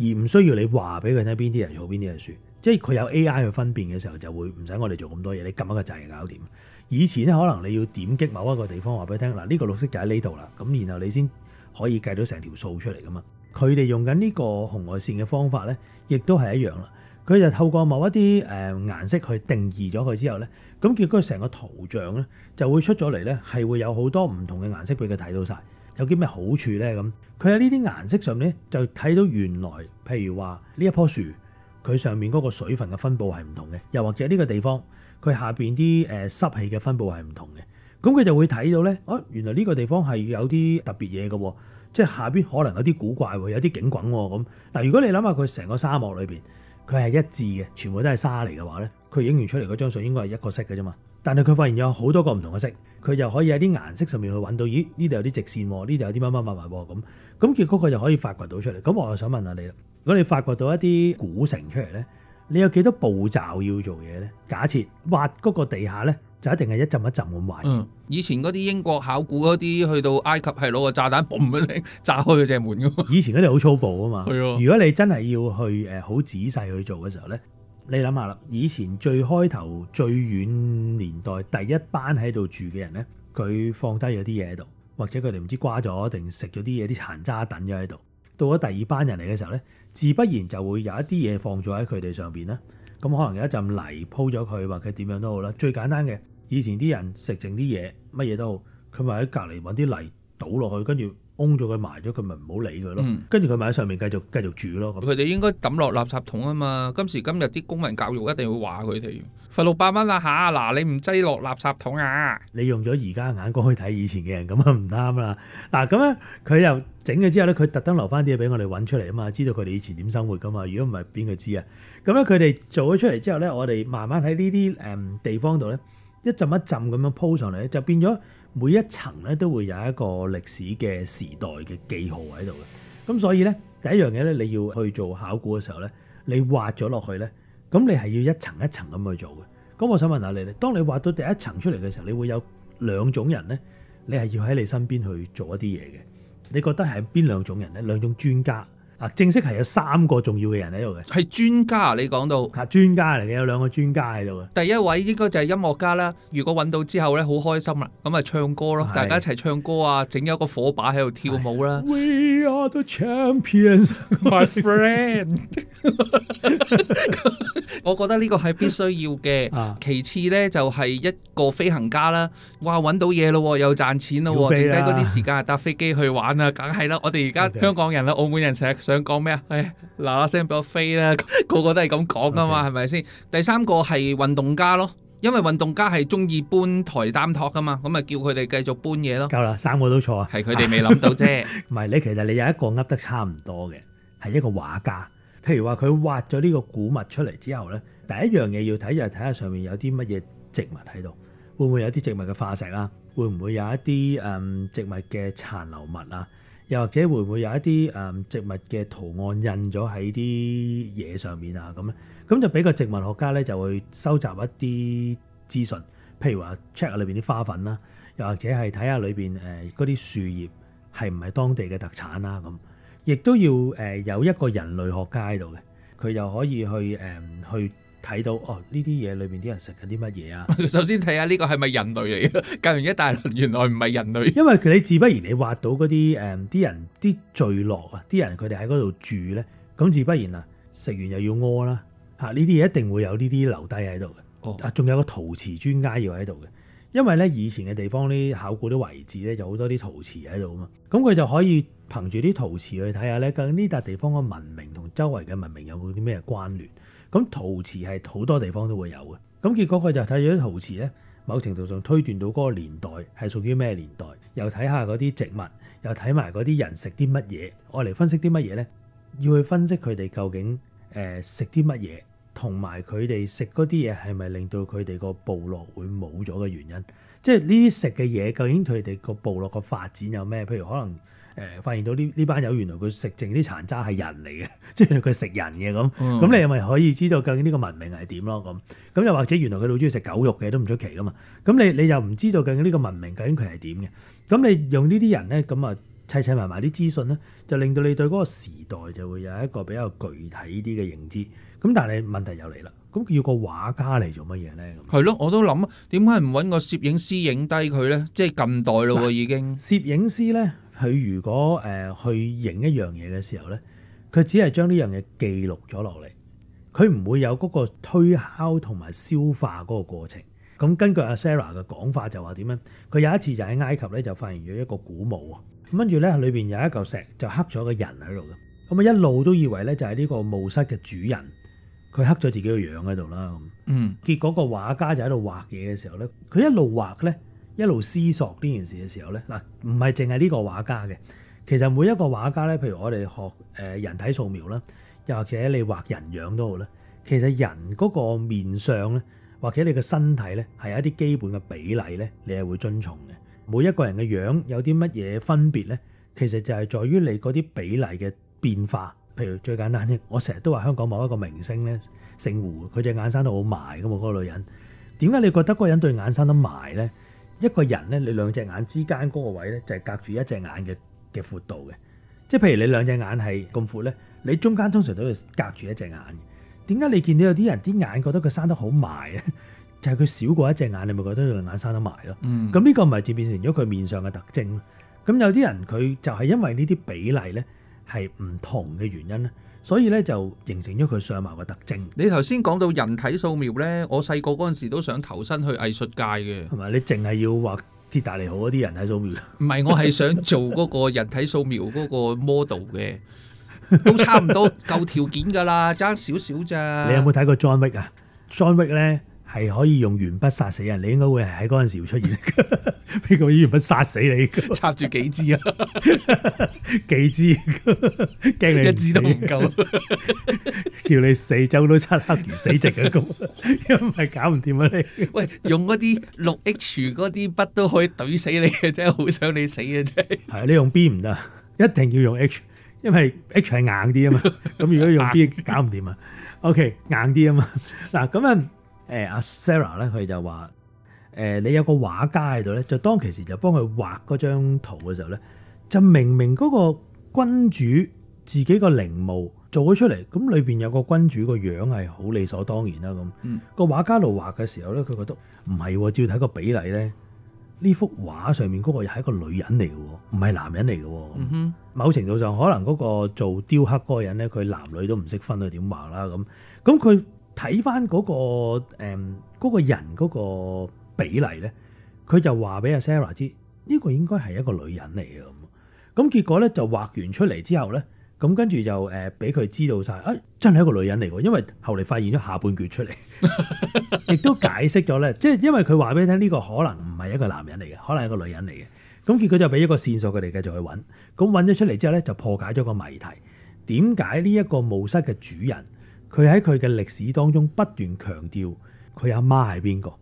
而唔需要你話俾佢聽邊啲係草，邊啲係樹。即係佢有 AI 去分辨嘅時候，就會唔使我哋做咁多嘢，你撳一個掣搞掂。以前呢，可能你要點擊某一個地方話俾佢聽嗱，呢個綠色就喺呢度啦，咁然後你先。可以計到成條數出嚟㗎嘛？佢哋用緊呢個紅外線嘅方法咧，亦都係一樣啦。佢就透過某一啲誒顏色去定義咗佢之後咧，咁結果成個圖像咧就會出咗嚟咧，係會有好多唔同嘅顏色俾佢睇到晒。有啲咩好處咧？咁佢喺呢啲顏色上面咧，就睇到原來譬如話呢一棵樹，佢上面嗰個水分嘅分布係唔同嘅，又或者呢個地方佢下邊啲誒濕氣嘅分布係唔同嘅。咁佢就會睇到咧，啊、哦，原來呢個地方係有啲特別嘢嘅，即係下邊可能有啲古怪喎，有啲景滾喎咁。嗱，如果你諗下佢成個沙漠裏邊，佢係一致嘅，全部都係沙嚟嘅話咧，佢影完出嚟嗰張相應該係一個色嘅啫嘛。但係佢發現有好多個唔同嘅色，佢就可以喺啲顏色上面去揾到，咦？呢度有啲直線，呢度有啲乜乜乜乜噉，咁結果佢就可以發掘到出嚟。咁我又想問下你啦，如果你發掘到一啲古城出嚟咧，你有幾多步驟要做嘢咧？假設挖嗰個地下咧？就一定係一陣一陣咁壞嘅、嗯。以前嗰啲英國考古嗰啲去到埃及係攞個炸彈，嘣一聲炸開個石門嘅。以前嗰啲好粗暴啊嘛。對哦、如果你真係要去誒好仔細去做嘅時候呢，你諗下啦，以前最開頭最遠年代第一班喺度住嘅人呢，佢放低咗啲嘢喺度，或者佢哋唔知瓜咗定食咗啲嘢啲殘渣等咗喺度。到咗第二班人嚟嘅時候呢，自不然就會有一啲嘢放咗喺佢哋上邊啦。咁可能有一陣泥鋪咗佢，或者點樣都好啦。最簡單嘅。以前啲人食剩啲嘢，乜嘢都好，佢咪喺隔離揾啲泥倒落去，跟住拱咗佢埋咗，佢咪唔好理佢咯。跟住佢咪喺上面繼續繼續煮咯。佢哋、嗯、應該抌落垃圾桶啊嘛！今時今日啲公民教育一定要話佢哋罰六百蚊啦吓，嗱、啊，你唔擠落垃圾桶啊！你用咗而家眼光去睇以，以前嘅人，咁啊唔啱啦。嗱咁咧，佢又整咗之後咧，佢特登留翻啲嘢俾我哋揾出嚟啊嘛，知道佢哋以前點生活噶嘛？如果唔係邊個知啊？咁咧佢哋做咗出嚟之後咧，我哋慢慢喺呢啲誒地方度咧。一浸一浸咁樣鋪上嚟咧，就變咗每一層咧都會有一個歷史嘅時代嘅記號喺度嘅。咁所以咧第一樣嘢咧，你要去做考古嘅時候咧，你挖咗落去咧，咁你係要一層一層咁去做嘅。咁我想問下你咧，當你挖到第一層出嚟嘅時候，你會有兩種人咧，你係要喺你身邊去做一啲嘢嘅。你覺得係邊兩種人咧？兩種專家。正式係有三個重要嘅人喺度嘅，係專家，你講到，啊專家嚟嘅，有兩個專家喺度嘅。第一位應該就係音樂家啦，如果揾到之後咧，好開心啦，咁啊唱歌咯，是大家一齊唱歌啊，整咗個火把喺度跳舞啦。唉 We are the champions, my friend。 我覺得呢個係必須要嘅。其次咧就係一個飛行家啦，哇揾到嘢咯，又賺錢咯，剩低嗰啲時間搭飛機去玩啊，梗係啦。我哋而家香港人啦，Okay. 澳門人成日。想講咩啊？嗱嗱聲俾我飛啦！個個都係咁講噶嘛，係咪先？第三個係運動家咯，因為運動家係中意搬台擔托噶嘛，咁咪叫佢哋繼續搬嘢咯。夠啦，三個都錯，係佢哋未諗到啫。唔係，你，其實你有一個噏得差唔多嘅，係一個畫家。譬如話佢挖咗呢個古物出嚟之後咧，第一樣嘢要睇就係睇下上面有啲乜嘢植物喺度，會唔會有啲植物嘅化石啊？會唔會有一啲誒植物嘅殘留物啊？又或者會唔會有一啲誒植物嘅圖案印咗喺啲嘢上面啊？咁咧，咁就俾個植物學家咧就會收集一啲資訊，譬如話 check 下裏邊啲花粉啦，又或者係睇下裏邊誒嗰啲樹葉係唔係當地嘅特產啦咁，亦都要誒有一個人類學家喺度嘅，佢又可以去誒去。睇到哦，呢啲嘢裏邊啲人食緊啲乜嘢啊？首先睇下呢個係咪人類嚟嘅？隔完一大輪，原來唔係人類。因為佢你自不然你挖到嗰啲誒啲人啲聚落啊，啲人佢哋喺嗰度住咧，咁自不然啊，食完又要屙啦嚇。呢啲嘢一定會有呢啲留低喺度嘅。哦，啊，仲有個陶瓷專家要喺度嘅，因為咧以前嘅地方啲考古啲遺址咧就好多啲陶瓷喺度啊嘛。咁佢就可以憑住啲陶瓷去睇下咧，究竟呢笪地方嘅文明同周圍嘅文明有冇啲咩關聯？咁陶瓷係好多地方都會有嘅，咁結果佢就睇咗啲陶瓷咧，某程度上推斷到嗰個年代係屬於咩年代，又睇下嗰啲植物，又睇埋嗰啲人食啲乜嘢，我嚟分析啲乜嘢咧？要去分析佢哋究竟誒食啲乜嘢，同埋佢哋食嗰啲嘢係咪令到佢哋個部落會冇咗嘅原因？即係呢啲食嘅嘢，究竟佢哋個部落個發展有咩？譬如可能。誒發現到呢呢班友原來佢食剩啲殘渣係人嚟嘅，即係佢食人嘅咁。咁、嗯、你咪可以知道究竟呢個文明係點咯？咁咁又或者原來佢老中意食狗肉嘅都唔出奇噶嘛？咁你你又唔知道究竟呢個文明究竟佢係點嘅？咁你用呢啲人咧咁啊，砌砌埋埋啲資訊咧，就令到你對嗰個時代就會有一個比較具體啲嘅認知。咁但係問題又嚟啦，咁叫個畫家嚟做乜嘢咧？係咯，我都諗點解唔揾個攝影師影低佢咧？即係近代咯喎已經。攝影師咧。佢如果誒、呃、去影一樣嘢嘅時候咧，佢只係將呢樣嘢記錄咗落嚟，佢唔會有嗰個推敲同埋消化嗰個過程。咁根據阿 Sarah 嘅講法就話點樣？佢有一次就喺埃及咧就發現咗一個古墓啊，跟住咧裏邊有一嚿石就刻咗個人喺度嘅，咁啊一路都以為咧就係呢個墓室嘅主人，佢刻咗自己嘅樣喺度啦。嗯，結果個畫家就喺度畫嘢嘅時候咧，佢一路畫咧。一路思索呢件事嘅時候咧，嗱，唔係淨係呢個畫家嘅。其實每一個畫家咧，譬如我哋學誒人體素描啦，又或者你畫人樣都好啦。其實人嗰個面相咧，或者你嘅身體咧，係有一啲基本嘅比例咧，你係會遵從嘅。每一個人嘅樣有啲乜嘢分別咧？其實就係在於你嗰啲比例嘅變化。譬如最簡單啲，我成日都話香港某一個明星咧，姓胡，佢隻眼生得好埋㗎嘛。嗰、那個女人點解你覺得嗰個人對眼生得埋咧？一個人咧，你兩隻眼之間嗰個位咧，就係隔住一隻眼嘅嘅闊度嘅。即係譬如你兩隻眼係咁闊咧，你中間通常都要隔住一隻眼嘅。點解你見到有啲人啲眼覺得佢生得好埋咧？就係、是、佢少過一隻眼，你咪覺得，眼得、嗯、個眼生得埋咯。咁呢個咪就變成咗佢面上嘅特徵。咁有啲人佢就係因為呢啲比例咧係唔同嘅原因咧。所以咧就形成咗佢相貌嘅特徵。你頭先講到人體素描咧，我細個嗰陣時都想投身去藝術界嘅。係嘛？你淨係要畫鐵達尼號嗰啲人體素描？唔係，我係想做嗰個人體素描嗰個 model 嘅，都差唔多夠條件㗎啦，爭少少咋？ 你有冇睇過 John Wick 啊？John Wick 咧？係可以用鉛筆殺死人，你應該會喺嗰陣時出現。俾個鉛筆殺死你，插住幾支啊？ 幾支？驚你一支都唔夠， 叫你四周都漆黑如死寂咁， 因為搞唔掂啊你。喂，用嗰啲六 H 嗰啲筆都可以懟死你嘅，真係好想你死嘅真係。 係你用 B 唔得，一定要用 H，因為 H 係硬啲啊嘛。咁 如果用 B 搞唔掂啊？OK，硬啲啊嘛。嗱咁啊。誒阿 Sarah 咧，佢就話：誒你有個畫家喺度咧，就當其時就幫佢畫嗰張圖嘅時候咧，就明明嗰個君主自己個陵墓做咗出嚟，咁裏邊有個君主個樣係好理所當然啦。咁、嗰個畫家度畫嘅時候咧，佢覺得唔係、啊，照睇個比例咧，呢幅畫上面嗰個又係一個女人嚟嘅，唔係男人嚟嘅。嗯、哼某程度上可能嗰個做雕刻嗰個人咧，佢男女都唔識分，佢點畫啦咁，咁佢。睇翻嗰個誒、嗯嗰個、人嗰個比例咧，佢就話俾阿 Sarah 知呢個應該係一個女人嚟嘅。咁咁結果咧就畫完出嚟之後咧，咁跟住就誒俾佢知道晒，啊真係一個女人嚟嘅，因為後嚟發現咗下半橛出嚟，亦 都解釋咗咧，即係因為佢話俾你聽呢個可能唔係一個男人嚟嘅，可能係一個女人嚟嘅。咁結果就俾一個線索佢哋繼續去揾。咁揾咗出嚟之後咧，就破解咗個謎題，點解呢一個墓室嘅主人？佢喺佢嘅歷史當中不斷強調佢阿媽係邊個？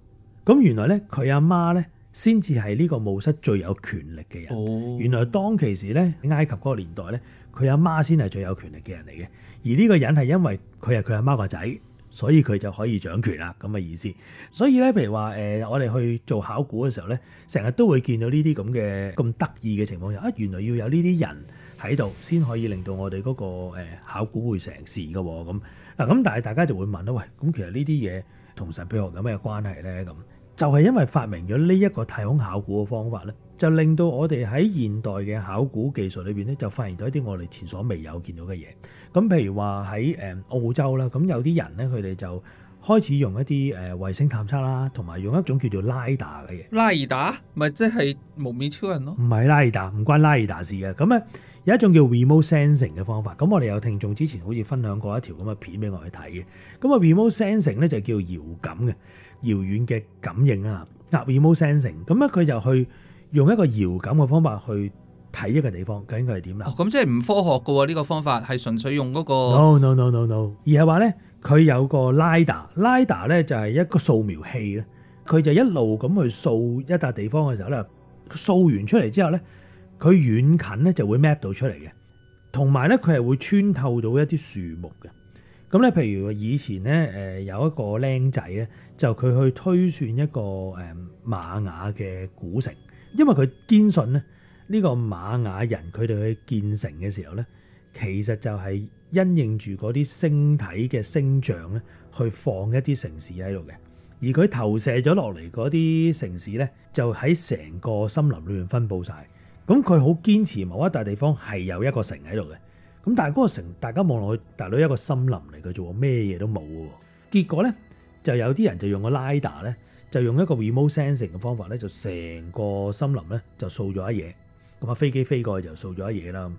咁原來咧佢阿媽咧先至係呢個墓室最有權力嘅人。原來當其時咧，埃及嗰個年代咧，佢阿媽先係最有權力嘅人嚟嘅。而呢個人係因為佢係佢阿媽個仔，所以佢就可以掌權啦，咁嘅意思。所以咧，譬如話誒，我哋去做考古嘅時候咧，成日都會見到呢啲咁嘅咁得意嘅情況，下啊原來要有呢啲人喺度先可以令到我哋嗰個誒考古會成事嘅咁。嗱咁，但係大家就會問啦，喂，咁其實呢啲嘢同神秘學有咩關係呢？咁就係因為發明咗呢一個太空考古嘅方法咧，就令到我哋喺現代嘅考古技術裏邊咧，就發現到一啲我哋前所未有見到嘅嘢。咁譬如話喺誒澳洲啦，咁有啲人咧，佢哋就開始用一啲誒衛星探測啦，同埋用一種叫做 Lidar 嘅嘢。Lidar 咪即係蒙面超人咯？唔係 Lidar，唔關 Lidar 事嘅。咁咧。有一種叫 remote sensing 嘅方法，咁我哋有聽眾之前好似分享過一條咁嘅片俾我哋睇嘅，咁、那、啊、個、remote sensing 咧就叫遙感嘅，遙遠嘅感應啦。嗱、啊，remote sensing，咁咧佢就去用一個遙感嘅方法去睇一個地方，究竟佢係點啦？咁即係唔科學嘅喎、哦，呢、這個方法係純粹用嗰、那個。No no no no no，而係話咧，佢有個 lidar，lidar 咧就係一個掃描器咧，佢就一路咁去掃一笪地方嘅時候咧，掃完出嚟之後咧。佢遠近咧就會 map 到出嚟嘅，同埋咧佢係會穿透到一啲樹木嘅。咁咧，譬如以前咧，誒有一個僆仔咧，就佢去推算一個誒瑪雅嘅古城，因為佢堅信咧呢個瑪雅人佢哋去建成嘅時候咧，其實就係因應住嗰啲星體嘅星象咧去放一啲城市喺度嘅，而佢投射咗落嚟嗰啲城市咧就喺成個森林裏面分布晒。咁佢好堅持某一笪地方係有一個城喺度嘅，咁但係嗰個城大家望落去，大佬一個森林嚟，佢做咩嘢都冇喎。結果呢，就有啲人就用個 LiDAR 咧，就用一個 remote sensing 嘅方法咧，就成個森林咧就掃咗一嘢。咁啊，飛機飛過去就掃咗一嘢啦。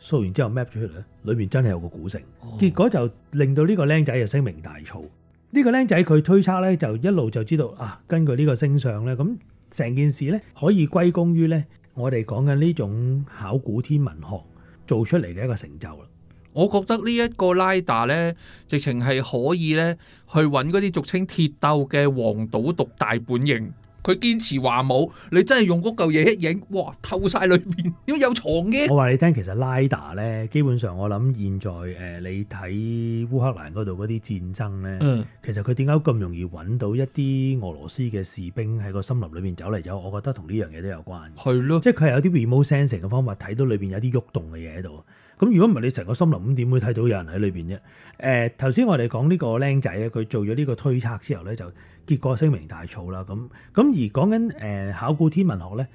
掃完之後 map 出嚟咧，裏面真係有個古城。結果就令到呢個僆仔就聲名大噪。呢個僆仔佢推測呢就一路就知道啊，根據呢個星相呢，咁成件事呢可以歸功於呢。我哋講緊呢種考古天文學做出嚟嘅一個成就啦，我覺得呢一個拉達呢，直情係可以呢去揾嗰啲俗稱鐵鬥嘅黃賭毒大本營。佢堅持話冇，你真係用嗰嚿嘢一影，哇透晒裏面，點解有藏嘅？我話你聽，其實 Lidar 咧，基本上我諗現在、呃、你睇烏克蘭嗰度嗰啲戰爭咧，嗯、其實佢點解咁容易揾到一啲俄羅斯嘅士兵喺個森林裏面走嚟走，我覺得同呢樣嘢都有關係。係咯的，即係佢係有啲 remote sensing 嘅方法睇到裏面有啲喐動嘅嘢喺度。咁如果唔係你成個森林咁點會睇到有人喺裏邊啫？誒頭先我哋講呢個僆仔咧，佢做咗呢個推測之後咧，就結果聲明大噪、聲名大噪啦。咁咁而講緊誒考古天文學咧，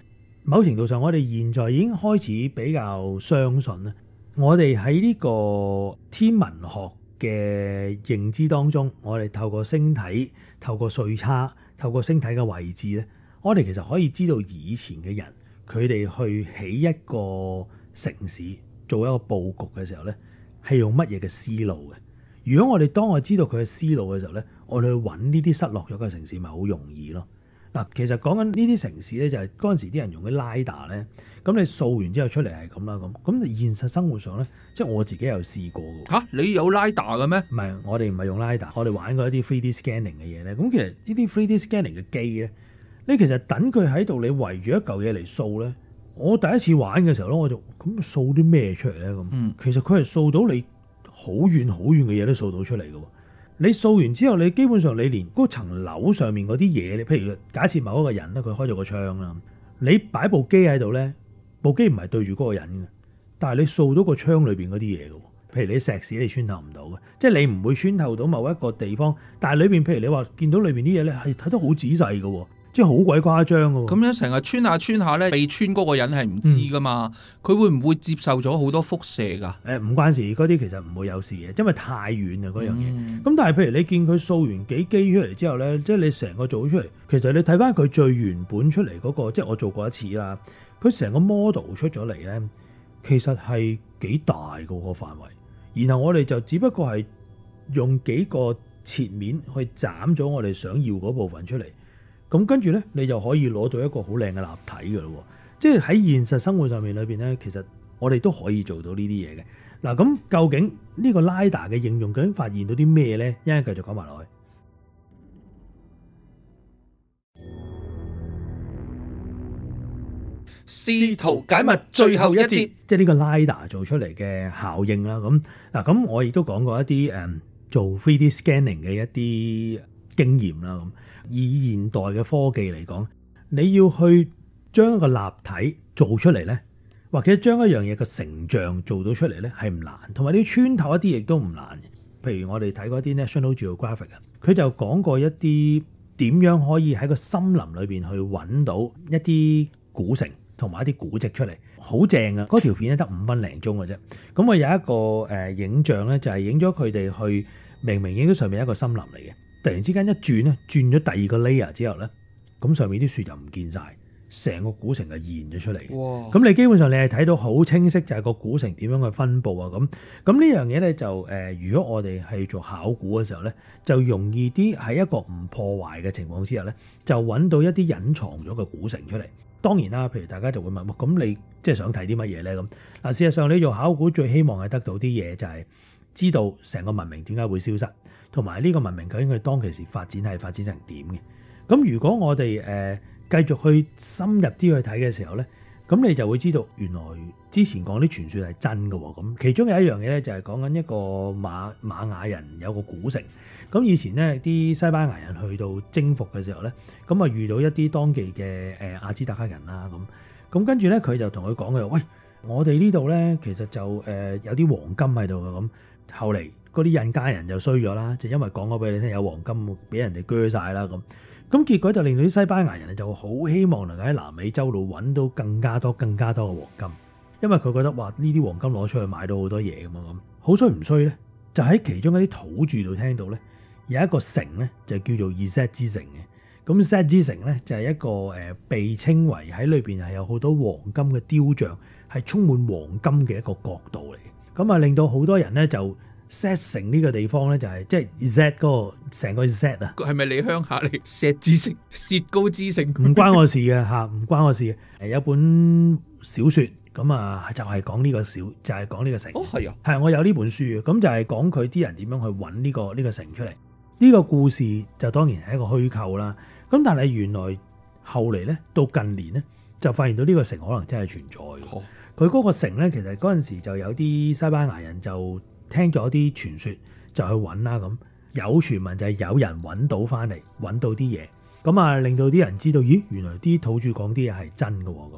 某程度上我哋現在已經開始比較相信啦。我哋喺呢個天文學嘅認知當中，我哋透過星體、透過歲差、透過星體嘅位置咧，我哋其實可以知道以前嘅人佢哋去起一個城市做一個佈局嘅時候咧，係用乜嘢嘅思路嘅？如果我哋當我知道佢嘅思路嘅時候咧，我哋去揾呢啲失落咗嘅城市咪好容易咯？嗱，其實講緊呢啲城市咧，就係嗰陣時啲人用嘅 Lidar 咧，咁你掃完之後出嚟係咁啦咁。咁現實生活上咧，即係我自己有試過㗎。嚇、啊，你有 Lidar 嘅咩？唔係，我哋唔係用 Lidar，我哋玩過一啲 3D scanning 嘅嘢咧。咁其實呢啲 3D scanning 嘅機咧，你其實等佢喺度，你圍住一嚿嘢嚟掃咧。我第一次玩嘅時候咧，我就咁掃啲咩出嚟咧咁。嗯，其實佢係掃到你好遠好遠嘅嘢都掃到出嚟嘅喎。你掃完之後，你基本上你連嗰層樓上面嗰啲嘢，你譬如假設某一個人咧，佢開咗個窗啦，你擺部機喺度咧，部機唔係對住嗰個人嘅，但係你掃到個窗裏邊嗰啲嘢嘅喎。譬如你石屎，你穿透唔到嘅，即係你唔會穿透到某一個地方，但係裏邊譬如你話見到裏邊啲嘢咧，係睇得好仔細嘅喎。即係好鬼誇張喎！咁樣成日穿下穿下咧，被穿嗰個人係唔知㗎嘛？佢、嗯、會唔會接受咗好多輻射㗎？誒唔關事，嗰啲其實唔會有事嘅，因為太遠啦嗰樣嘢。咁、嗯、但係譬如你見佢掃完幾機出嚟之後咧，即係你成個做出嚟，其實你睇翻佢最原本出嚟嗰、嗰個，即係我做過一次啦。佢成個 model 出咗嚟咧，其實係幾大個個範圍。然後我哋就只不過係用幾個切面去斬咗我哋想要嗰部分出嚟。咁跟住咧，你就可以攞到一個好靚嘅立體嘅咯。即係喺現實生活上面裏邊咧，其實我哋都可以做到呢啲嘢嘅。嗱，咁究竟呢個 Lidar 嘅應用究竟發現到啲咩咧？一陣繼續講埋落去。試圖解密最後一節，即係呢個 Lidar 做出嚟嘅效應啦。咁嗱，咁我亦都講過一啲誒、嗯、做 3D scanning 嘅一啲。經驗啦咁，以現代嘅科技嚟講，你要去將一個立體做出嚟呢，或者將一樣嘢嘅成像做到出嚟呢，係唔難。同埋你穿透一啲亦都唔難。譬如我哋睇過啲 National Geographic 佢就講過一啲點樣可以喺個森林裏邊去揾到一啲古城同埋一啲古蹟出嚟，好正啊！嗰條片咧得五分零鐘嘅啫。咁我有一個誒影像呢，就係影咗佢哋去，明明影咗上面一個森林嚟嘅。突然之間一轉咧，轉咗第二個 layer 之後咧，咁上面啲樹就唔見晒，成個古城就現咗出嚟嘅。咁哇你基本上你係睇到好清晰，就係個古城點樣去分佈啊？咁咁呢樣嘢咧，就誒、呃，如果我哋係做考古嘅時候咧，就容易啲喺一個唔破壞嘅情況之下咧，就搵到一啲隱藏咗嘅古城出嚟。當然啦，譬如大家就會問，咁你即係想睇啲乜嘢咧？咁嗱，事實上你做考古最希望係得到啲嘢，就係知道成個文明點解會消失。同埋呢個文明究竟佢當其時發展係發展成點嘅？咁如果我哋繼續去深入啲去睇嘅時候咧，咁你就會知道原來之前講啲傳說係真嘅喎。咁其中有一樣嘢咧就係講緊一個馬馬雅人有個古城。咁以前咧啲西班牙人去到征服嘅時候咧，咁啊遇到一啲當地嘅阿茲特克人啦咁。咁跟住咧佢就同佢講佢話：喂，我哋呢度咧其實就有啲黃金喺度嘅。咁後嚟。嗰啲印加人就衰咗啦，就因為講咗俾你聽有黃金，俾人哋鋸曬啦咁。咁結果就令到啲西班牙人就好希望能夠喺南美洲度揾到更加多、更加多嘅黃金，因為佢覺得哇，呢啲黃金攞出去買到好多嘢咁啊咁。好衰唔衰咧？就喺其中一啲土著度聽到咧，有一個城咧就叫做 Z 之城嘅。咁 Z 之城咧就係一個誒，被稱為喺裏邊係有好多黃金嘅雕像，係充滿黃金嘅一個國度嚟。咁啊，令到好多人咧就～set 城呢個地方咧就係即係 Z e、嗰個成個 Z e t 啊，係咪你鄉下嚟石之城、切高之城？唔關我事嘅吓，唔關我事嘅。誒有本小說咁啊，就係、是、講呢個小，就係講呢個城。哦，係啊，係我有呢本書嘅，咁就係、是、講佢啲人點樣去揾呢個呢個城出嚟。呢、呢個故事就當然係一個虛構啦。咁但係原來後嚟咧，到近年咧就發現到呢個城可能真係存在。佢嗰個城咧，其實嗰陣時就有啲西班牙人就。聽咗啲傳說就去揾啦，咁有傳聞就係有人揾到返嚟，揾到啲嘢，咁啊令到啲人知道，咦，原來啲土著講啲嘢係真嘅喎，咁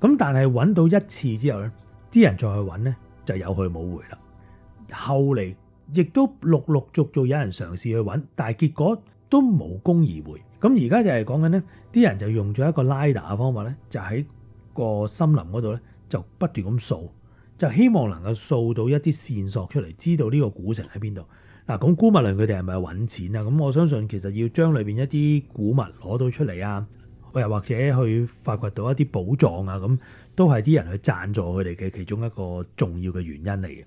咁但係揾到一次之後呢，啲人再去揾呢，就有去冇回啦。後嚟亦都陸陸續續有人嘗試去揾，但係結果都無功而回。咁而家就係講緊呢，啲人就用咗一個 LiDAR 嘅方法呢，就喺個森林嗰度呢，就不斷咁掃。就希望能夠掃到一啲線索出嚟，知道呢個古城喺邊度。嗱，咁姑勿論佢哋係咪揾錢啊？咁我相信其實要將裏邊一啲古物攞到出嚟啊，又或者去發掘到一啲寶藏啊，咁都係啲人去贊助佢哋嘅其中一個重要嘅原因嚟嘅。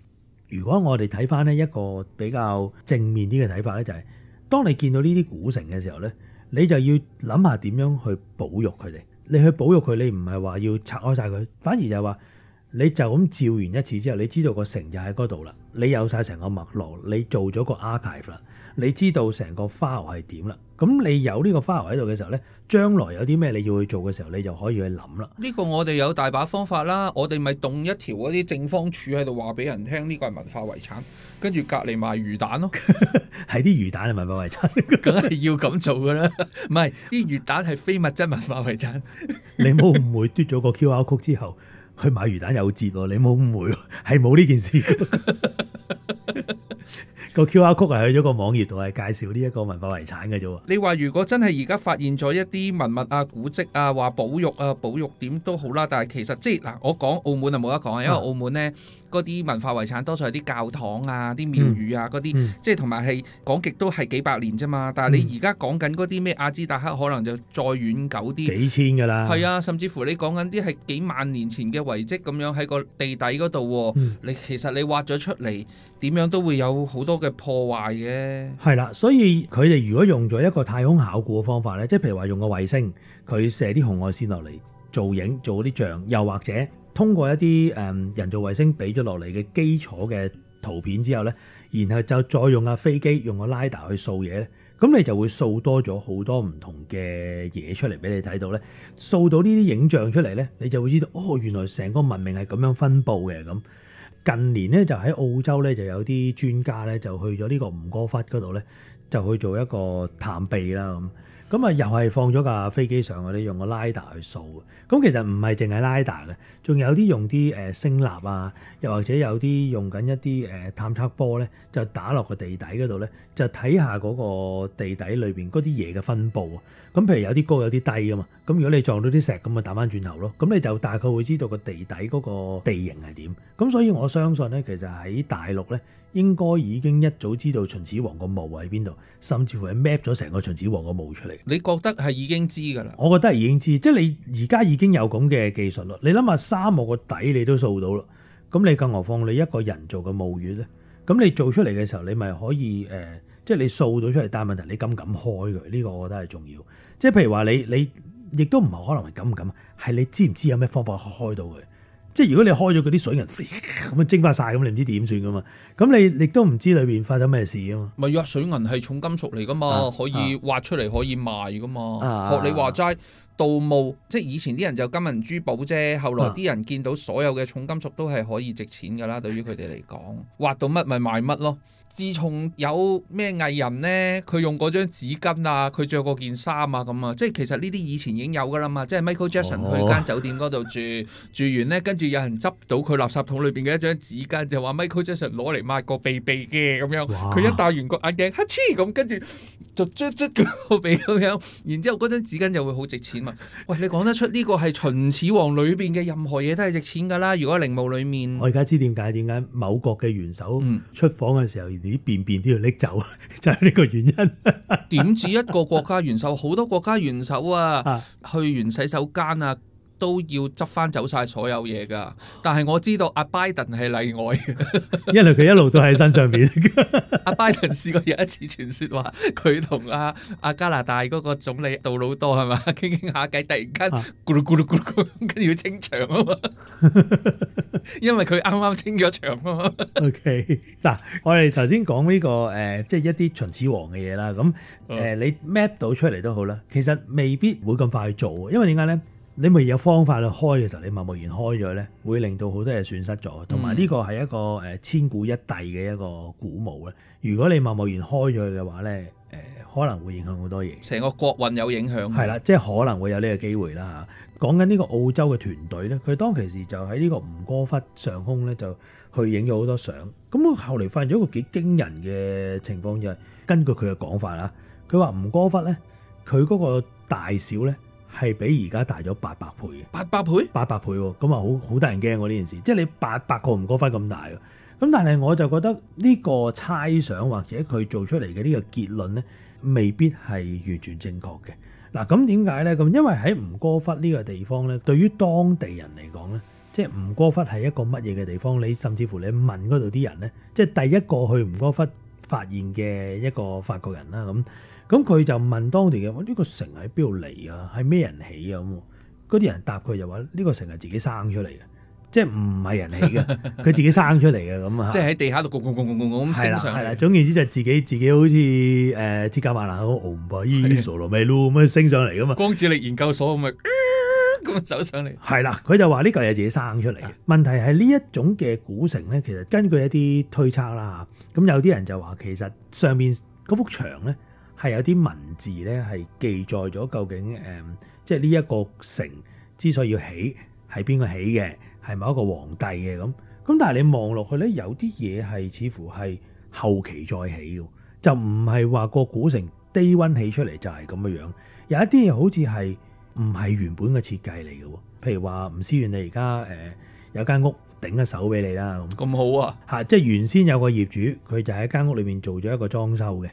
如果我哋睇翻咧一個比較正面啲嘅睇法咧，就係當你見到呢啲古城嘅時候咧，你就要諗下點樣去保育佢哋。你去保育佢，你唔係話要拆開晒佢，反而就係話。你就咁照完一次之後，你知道個城就喺嗰度啦。你有晒成個脈絡，你做咗個 archive 啦。你知道成個 file 係點啦。咁你有呢個 file 喺度嘅時候呢，將來有啲咩你要去做嘅時候，你就可以去諗啦。呢個我哋有大把方法啦。我哋咪動一條嗰啲正方柱喺度話俾人聽，呢個係文化遺產。跟住隔離賣魚蛋咯，係啲 魚蛋係文化遺產，梗 係要咁做㗎啦。唔係啲魚蛋係非物質文化遺產。 你冇誤會，嘟咗個 QR code 之後。去買魚蛋有折喎，你冇誤會，係冇呢件事。個 QR code 係去咗個網頁度，係介紹呢一個文化遺產嘅啫喎。你話如果真係而家發現咗一啲文物啊、古蹟啊、話保育啊、保育點、啊、都好啦。但係其實即係嗱，我講澳門就冇得講啊，因為澳門呢嗰啲、啊、文化遺產多數係啲教堂啊、啲廟宇啊嗰啲、嗯，即係同埋係講極都係幾百年啫嘛。但係你而家講緊嗰啲咩亞茲達克，可能就再遠久啲，幾千㗎啦。係啊，甚至乎你講緊啲係幾萬年前嘅遺跡咁樣喺個地底嗰度，嗯、你其實你挖咗出嚟，點樣都會有好多嘅破壞嘅，係啦，所以佢哋如果用咗一個太空考古嘅方法咧，即係譬如話用個衛星，佢射啲紅外線落嚟做影，做啲像，又或者通過一啲誒人造衛星俾咗落嚟嘅基礎嘅圖片之後咧，然後就再用啊飛機用個 Lidar 去掃嘢咧，咁你就會掃多咗好多唔同嘅嘢出嚟俾你睇到咧。掃到呢啲影像出嚟咧，你就會知道哦，原來成個文明係咁樣分布嘅咁。近年咧就喺澳洲咧就有啲專家咧就去咗呢個吳哥窟嗰度咧，就去做一個探秘啦咁。咁啊，又係放咗架飛機上去，你用個 Lidar 去掃。咁其實唔係淨係 Lidar 嘅，仲有啲用啲聲納呀，啊，又或者有啲用緊一啲探測波咧，就打落個地底嗰度咧，就睇下嗰個地底裏面嗰啲嘢嘅分布。咁譬如有啲高有啲低啊嘛。咁如果你撞到啲石咁啊，就打翻轉頭咯。咁你就大概會知道個地底嗰個地形係點。咁所以我相信咧，其實喺大陸咧。應該已經一早知道秦始皇個墓喺邊度，甚至乎係 map 咗成個秦始皇個墓出嚟。你覺得係已經知㗎啦？我覺得係已經知，即係你而家已經有咁嘅技術啦。你諗下沙漠個底你都掃到啦，咁你更何況你一個人做嘅墓穴咧？咁你做出嚟嘅時候，你咪可以誒，即係你掃到出嚟，但係問題你敢唔敢開佢？呢個我覺得係重要。即係譬如話你你亦都唔係可能係敢唔敢，係你知唔知有咩方法開到佢？即係如果你開咗嗰啲水銀，咁樣蒸發晒，咁，你唔知點算噶嘛？咁你亦都唔知裏面發生咩事噶嘛？唔係水銀係重金屬嚟噶嘛，啊、可以挖出嚟可以賣噶嘛。學、啊、你話齋。盜墓即係以前啲人就金銀珠寶啫，後來啲人見到所有嘅重金屬都係可以值錢㗎啦，對於佢哋嚟講，挖到乜咪賣乜咯。自從有咩藝人呢，佢用嗰張紙巾啊，佢着嗰件衫啊咁啊，即係其實呢啲以前已經有㗎啦嘛。即係 Michael Jackson 去間酒店嗰度住，oh. 住完呢，跟住有人執到佢垃圾桶裏面嘅一張紙巾，就話 Michael Jackson 攞嚟抹個鼻鼻嘅咁樣，佢嘩一戴完個眼鏡，黐咁跟住就捽捽個鼻咁樣，然之後嗰張紙巾就會好值錢。喂，你講得出呢個係秦始皇裏邊嘅任何嘢都係值錢㗎啦！如果陵墓裏面，我而家知點解點解某國嘅元首出訪嘅時候，連啲、嗯、便便都要拎走，就係、是、呢個原因。點 止一個國家元首，好多國家元首啊，啊去完洗手間啊。都要執翻走晒所有嘢㗎，但係我知道阿 Biden 係例外，因為佢一路都喺身上邊。阿 Biden 試過有一次傳説話，佢同阿阿加拿大嗰個總理杜魯多係嘛，傾傾下偈，突然間咕嚕咕嚕咕嚕，跟住、啊、 要清場啊嘛， 因為佢啱啱清咗場啊嘛。OK，嗱， 我哋頭先講呢個誒，即、呃、係、就是、一啲秦始皇嘅嘢啦。咁誒，呃嗯、你 map 到出嚟都好啦，其實未必會咁快去做，因為點解咧？你未有方法去開嘅時候，你貿貿然開咗咧，會令到好多嘢損失咗。同埋呢個係一個千古一帝嘅一個古墓咧。如果你貿貿然開咗嘅話咧，可能會影響好多嘢。成個國運有影響。係啦，即係可能會有呢個機會啦嚇。講緊呢個澳洲嘅團隊咧，佢當其時就喺呢個吳哥窟上空咧，就去影咗好多相。咁我後嚟發現咗一個幾驚人嘅情況就係，根據佢嘅講法啦，佢話吳哥窟咧，佢嗰個大小咧，係比而家大咗八百倍嘅，八百倍，八百倍喎，咁啊好好得人驚喎呢件事，即係你八百個吳哥窟咁大嘅，咁但係我就覺得呢個猜想或者佢做出嚟嘅呢個結論呢，未必係完全正確嘅。嗱咁點解呢？咁因為喺吳哥窟呢個地方呢，對於當地人嚟講呢，即係吳哥窟係一個乜嘢嘅地方？你甚至乎你問嗰度啲人呢，即係第一個去吳哥窟。發現嘅一個法國人啦，咁咁佢就問當地嘅話：呢個城喺邊度嚟啊？係咩人起啊？咁嗰啲人答佢就話：呢個城係自己生出嚟嘅，即係唔係人起嘅，佢 自己生出嚟嘅咁啊！即係喺地下度，拱拱拱拱拱咁升上嚟。係啦，係啦，總言之就自己自己好似誒鐵甲萬能咁，奧巴依索羅米魯咁升上嚟噶嘛！光子力研究所咁咪。 咁走上嚟，係啦，佢就話呢嚿嘢自己生出嚟。問題係呢一種嘅古城咧，其實根據一啲推測啦，咁有啲人就話，其實上面嗰幅牆咧係有啲文字咧係記載咗究竟誒，即係呢一個城之所以要起係邊個起嘅，係某一個皇帝嘅咁。咁但係你望落去咧，有啲嘢係似乎係後期再起嘅，就唔係話個古城 day one 起出嚟就係咁嘅樣。有一啲嘢好似係。唔係原本嘅設計嚟嘅喎，譬如話吳思遠你，你而家誒有一間屋頂一手俾你啦，咁好啊，即係原先有個業主，佢就喺間屋裏面做咗一個裝修嘅，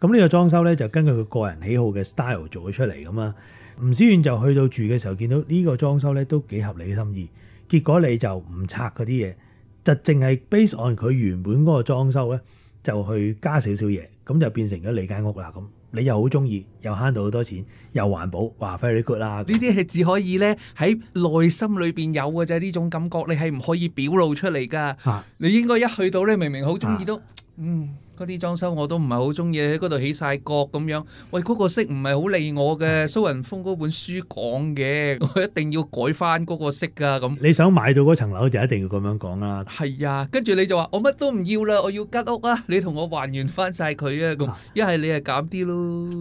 咁呢個裝修咧就根據佢個人喜好嘅 style 做咗出嚟咁啊。吳思遠就去到住嘅時候，見到呢個裝修咧都幾合你嘅心意，結果你就唔拆嗰啲嘢，就淨係 base on 佢原本嗰個裝修咧就去加少少嘢，咁就變成咗你間屋啦咁。你又好中意，又慳到好多錢，又環保，哇，very good 啦！呢啲係只可以咧喺內心裏邊有嘅啫，呢種感覺你係唔可以表露出嚟㗎。啊、你應該一去到咧，明明好中意都，啊、嗯。嗰啲裝修我都唔係好中意，喺嗰度起晒角咁樣。喂嗰、嗰個色唔係好利我嘅，嗯、蘇雲峰嗰本書講嘅，我一定要改翻嗰個色噶咁。你想買到嗰層樓就一定要咁樣講啦。係啊，跟住你就話我乜都唔要啦，我要吉屋啊，你同我還原翻晒佢啊咁。要是一係你係減啲咯，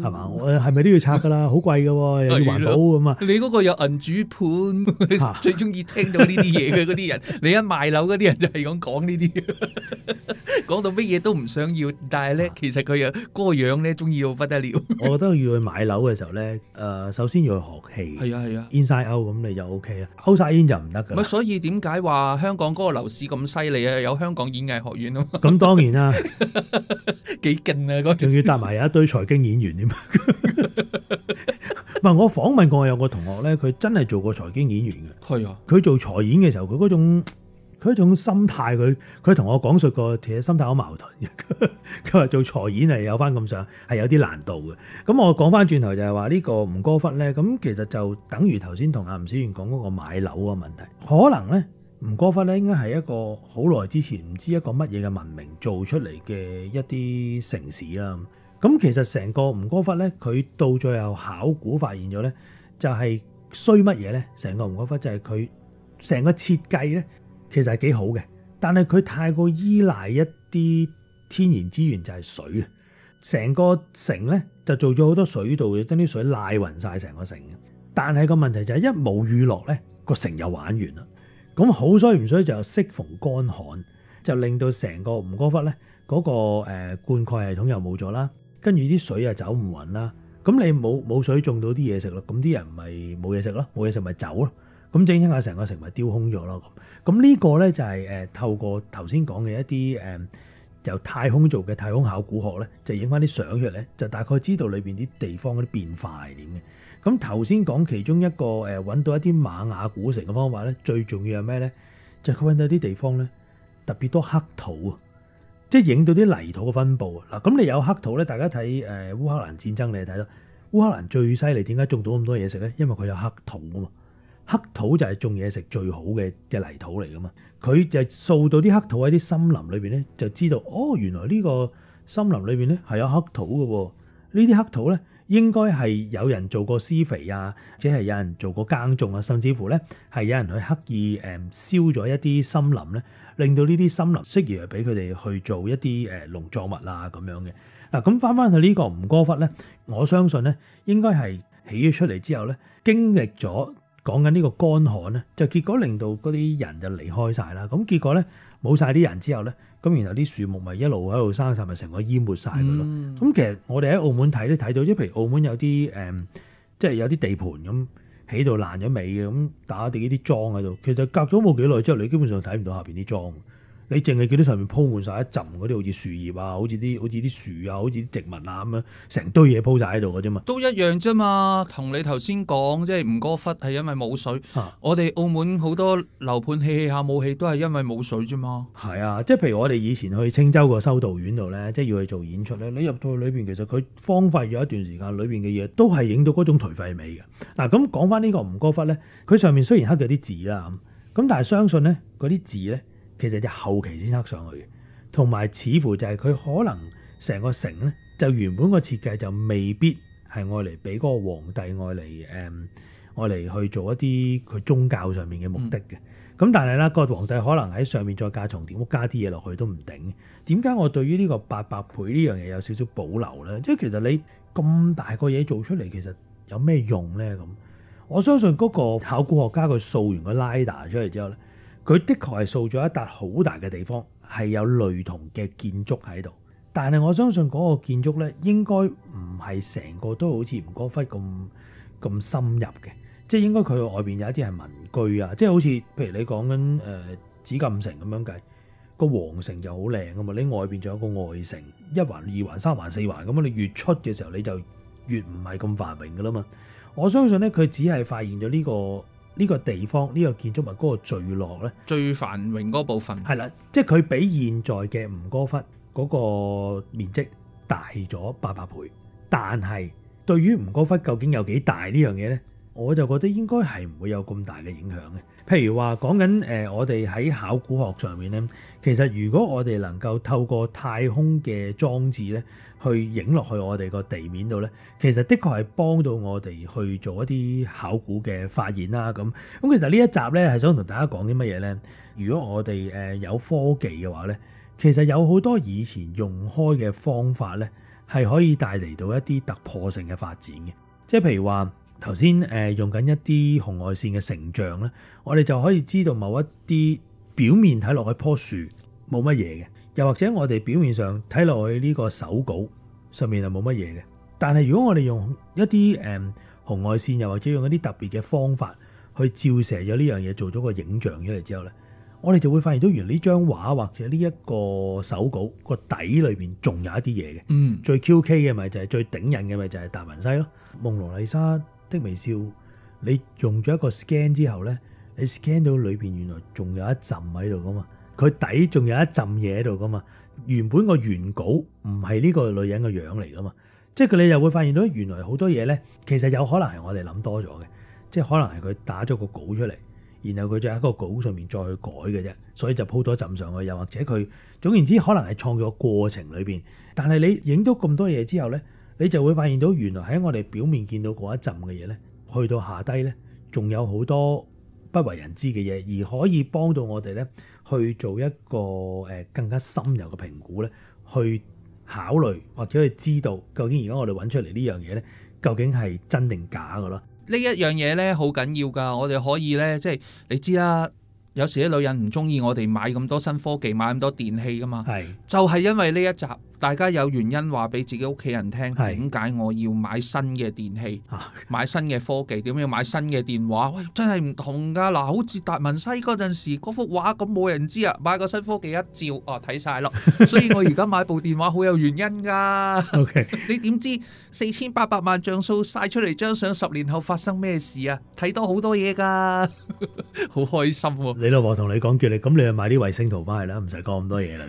係嘛？我係咪都要拆㗎啦？好 貴㗎喎，又要環保咁啊。樣你嗰個有銀主盤，啊、最中意聽到呢啲嘢嘅嗰啲人，你一賣樓嗰啲人就係咁講呢啲， 講到乜嘢都唔想要。但係咧，其實佢啊嗰個樣咧，中意到不得了。我覺得要去買樓嘅時候咧，首先要去學戲。係啊係啊，in 晒 out 咁你就 OK 啦 out 晒 in 就唔得噶。咪所以點解話香港嗰個樓市咁犀利啊？有香港演藝學院啊嘛。咁當然啦，幾勁咧！嗰、那、仲、個、要搭埋有一堆財經演員添。唔係 我訪問過有個同學咧，佢真係做過財經演員嘅。係啊，佢做財演嘅時候，佢嗰種。佢一種心態，佢佢同我講述過其實心態好矛盾。佢話做財演係有翻咁上，係有啲難度嘅。咁我講翻轉頭就係話、這個、呢個吳哥窟咧，咁其實就等於頭先同阿吳思遠講嗰個買樓嘅問題。可能咧，吳哥窟咧應該係一個好耐之前唔知一個乜嘢嘅文明做出嚟嘅一啲城市啦。咁其實成個吳哥窟咧，佢到最後考古發現咗咧，就係、是、衰乜嘢咧？成個吳哥窟就係佢成個設計咧。其實係幾好嘅，但係佢太過依賴一啲天然資源，就係水。成個城咧就做咗好多水道，將啲水賴勻晒成個城。但係個問題就係一冇雨落咧，個城又玩完啦。咁好衰唔衰就適逢乾旱，就令到成個吳哥窟咧嗰個誒灌溉系統又冇咗啦，跟住啲水又走唔穩啦。咁你冇冇水種到啲嘢食咯，咁啲人咪冇嘢食咯，冇嘢食咪走咯。咁正親啊，成個城咪丟空咗咯。咁呢個咧就係誒透過頭先講嘅一啲誒由太空做嘅太空考古學咧，就影翻啲相出嚟，就大概知道裏邊啲地方嗰啲變化係點嘅。咁頭先講其中一個誒揾到一啲瑪雅古城嘅方法咧，最重要係咩咧？就係佢揾到啲地方咧特別多黑土啊，即係影到啲泥土嘅分布啊。嗱，咁你有黑土咧，大家睇誒烏克蘭戰爭，你睇到烏克蘭最犀利，點解種到咁多嘢食咧？因為佢有黑土啊嘛。黑土就係種嘢食最好嘅嘅泥土嚟㗎嘛？佢就掃到啲黑土喺啲森林裏邊咧，就知道哦，原來呢個森林裏邊咧係有黑土嘅喎。呢啲黑土咧應該係有人做過施肥啊，或者係有人做過耕種啊，甚至乎咧係有人去刻意誒燒咗一啲森林咧，令到呢啲森林適宜俾佢哋去做一啲誒農作物啊咁樣嘅。嗱，咁返返去呢個吳哥窟咧，我相信咧應該係起咗出嚟之後咧，經歷咗。講緊呢個乾旱咧，就結果令到嗰啲人就離開晒啦。咁結果咧冇晒啲人之後咧，咁然後啲樹木咪一路喺度生晒咪成個淹沒晒噶咯。咁、嗯、其實我哋喺澳門睇都睇到，即係譬如澳門有啲、嗯、即係有啲地盤咁起到爛咗尾嘅，咁打地啲樁喺度。其實隔咗冇幾耐之後，你基本上睇唔到下邊啲樁。你淨係見到上面鋪滿晒一浸嗰啲好似樹葉啊，好似啲好似啲樹啊，好似啲植物啊咁樣，成堆嘢鋪晒喺度嘅啫嘛，都一樣啫嘛。同你頭先講，即係吳哥窟係因為冇水。啊、我哋澳門好多樓盤起起下冇起都係因為冇水啫嘛。係啊，即係譬如我哋以前去青洲個修道院度咧，即係要去做演出咧，你入到去裏邊，其實佢荒廢咗一段時間裡面的東西，裏邊嘅嘢都係影到嗰種頹廢美嘅。嗱、啊，咁講翻呢個吳哥窟咧，佢上面雖然刻咗啲字啦，咁但係相信咧嗰啲字咧。其實就後期先刻上去嘅，同埋似乎就係佢可能成個城咧，就原本個設計就未必係愛嚟俾嗰個皇帝愛嚟誒愛嚟去做一啲佢宗教上面嘅目的嘅。咁、嗯、但係咧，個皇帝可能喺上面再加重點屋，加啲嘢落去都唔頂。點解我對於呢個八百倍呢樣嘢有少少保留咧？即係其實你咁大個嘢做出嚟，其實有咩用咧？咁我相信嗰個考古學家佢掃完個拉達出嚟之後咧，佢的確係掃咗一笪好大嘅地方，係有類同嘅建築喺度，但係我相信嗰個建築咧應該唔係成個都好似吳哥窟咁咁深入嘅，即係應該佢外面有一啲係民居啊，即係好似譬如你講緊誒紫禁城咁樣計，個皇城就好靚㗎嘛，你外面仲有個外城，一環、二環、三環、四環咁啊，你越出嘅時候你就越唔係咁繁榮噶啦嘛，我相信咧佢只係發現咗呢個。呢個地方，呢、呢個建築物嗰個聚落咧，最繁榮嗰部分係啦，即係佢比現在嘅吳哥窟嗰個面積大咗八百倍，但係對於吳哥窟究竟有幾大呢樣嘢呢，我就覺得應該係唔會有咁大嘅影響嘅。譬如話講緊誒我哋喺考古學上面咧，其實如果我哋能夠透過太空嘅裝置咧，去影落去我哋個地面度咧，其實的確係幫到我哋去做一啲考古嘅發現啦。咁咁其實呢一集咧係想同大家講啲乜嘢咧？如果我哋誒有科技嘅話咧，其實有好多以前用開嘅方法咧，係可以帶嚟到一啲突破性嘅發展嘅。即係譬如話。頭先誒用緊一啲紅外線嘅成像咧，我哋就可以知道某一啲表面睇落去樖樹冇乜嘢嘅，又或者我哋表面上睇落去呢個手稿上面係冇乜嘢嘅。但係如果我哋用一啲誒紅外線，又或者用一啲特別嘅方法去照射咗呢樣嘢，做咗個影像出嚟之後咧，我哋就會發現到原來呢張畫或者呢一個手稿個底裏面仲有一啲嘢嘅。嗯，最 Q K 嘅咪就係、是、最頂癮嘅咪就係達文西咯，蒙羅麗莎。微笑，你用咗一個 scan 之後咧，你 scan 到裏邊原來仲有一浸喺度噶嘛，佢底仲有一浸嘢喺度噶嘛，原本個原稿唔係呢個女人嘅樣嚟噶嘛，即係你就會發現到原來好多嘢咧，其實有可能係我哋諗多咗嘅，即係可能係佢打咗個稿出嚟，然後佢就喺個稿上面再去改嘅啫，所以就鋪咗一浸上去，又或者佢，總言之，可能係創作過程裏邊，但係你影到咁多嘢之後咧。你就會發現到原來喺我哋表面見到嗰一浸嘅嘢呢，去到下低呢，仲有好多不為人知嘅嘢，而可以幫到我哋呢去做一個誒更加深入嘅評估呢，去考慮或者去知道究竟而家我哋揾出嚟呢樣嘢呢，究竟係真定假㗎咯。呢一樣嘢呢，好緊要㗎，我哋可以呢，即係你知啦，有時啲女人唔中意我哋買咁多新科技，買咁多電器㗎嘛，係，就係因為呢一集。大家有原因話俾自己屋企人聽點解我要買新嘅電器，是買新嘅科技，點樣買新嘅電話？Okay. 喂，真係唔同噶！嗱，好似達文西嗰陣時嗰幅畫咁，冇人知啊！買個新科技一照，哦、啊，睇晒咯。所以我而家買部電話好有原因噶。 Okay. 你點知四千八百萬像素晒出嚟張相十年後發生咩事多多 啊？睇到好多嘢噶，好開心喎！你老婆同你講叫你咁，你去買啲衛星圖翻嚟啦，唔使講咁多嘢啦。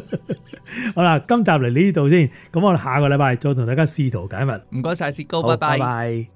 好啦。今集嚟呢度先，咁我哋下個禮拜再同大家試圖解密。唔該晒，薛高，拜拜。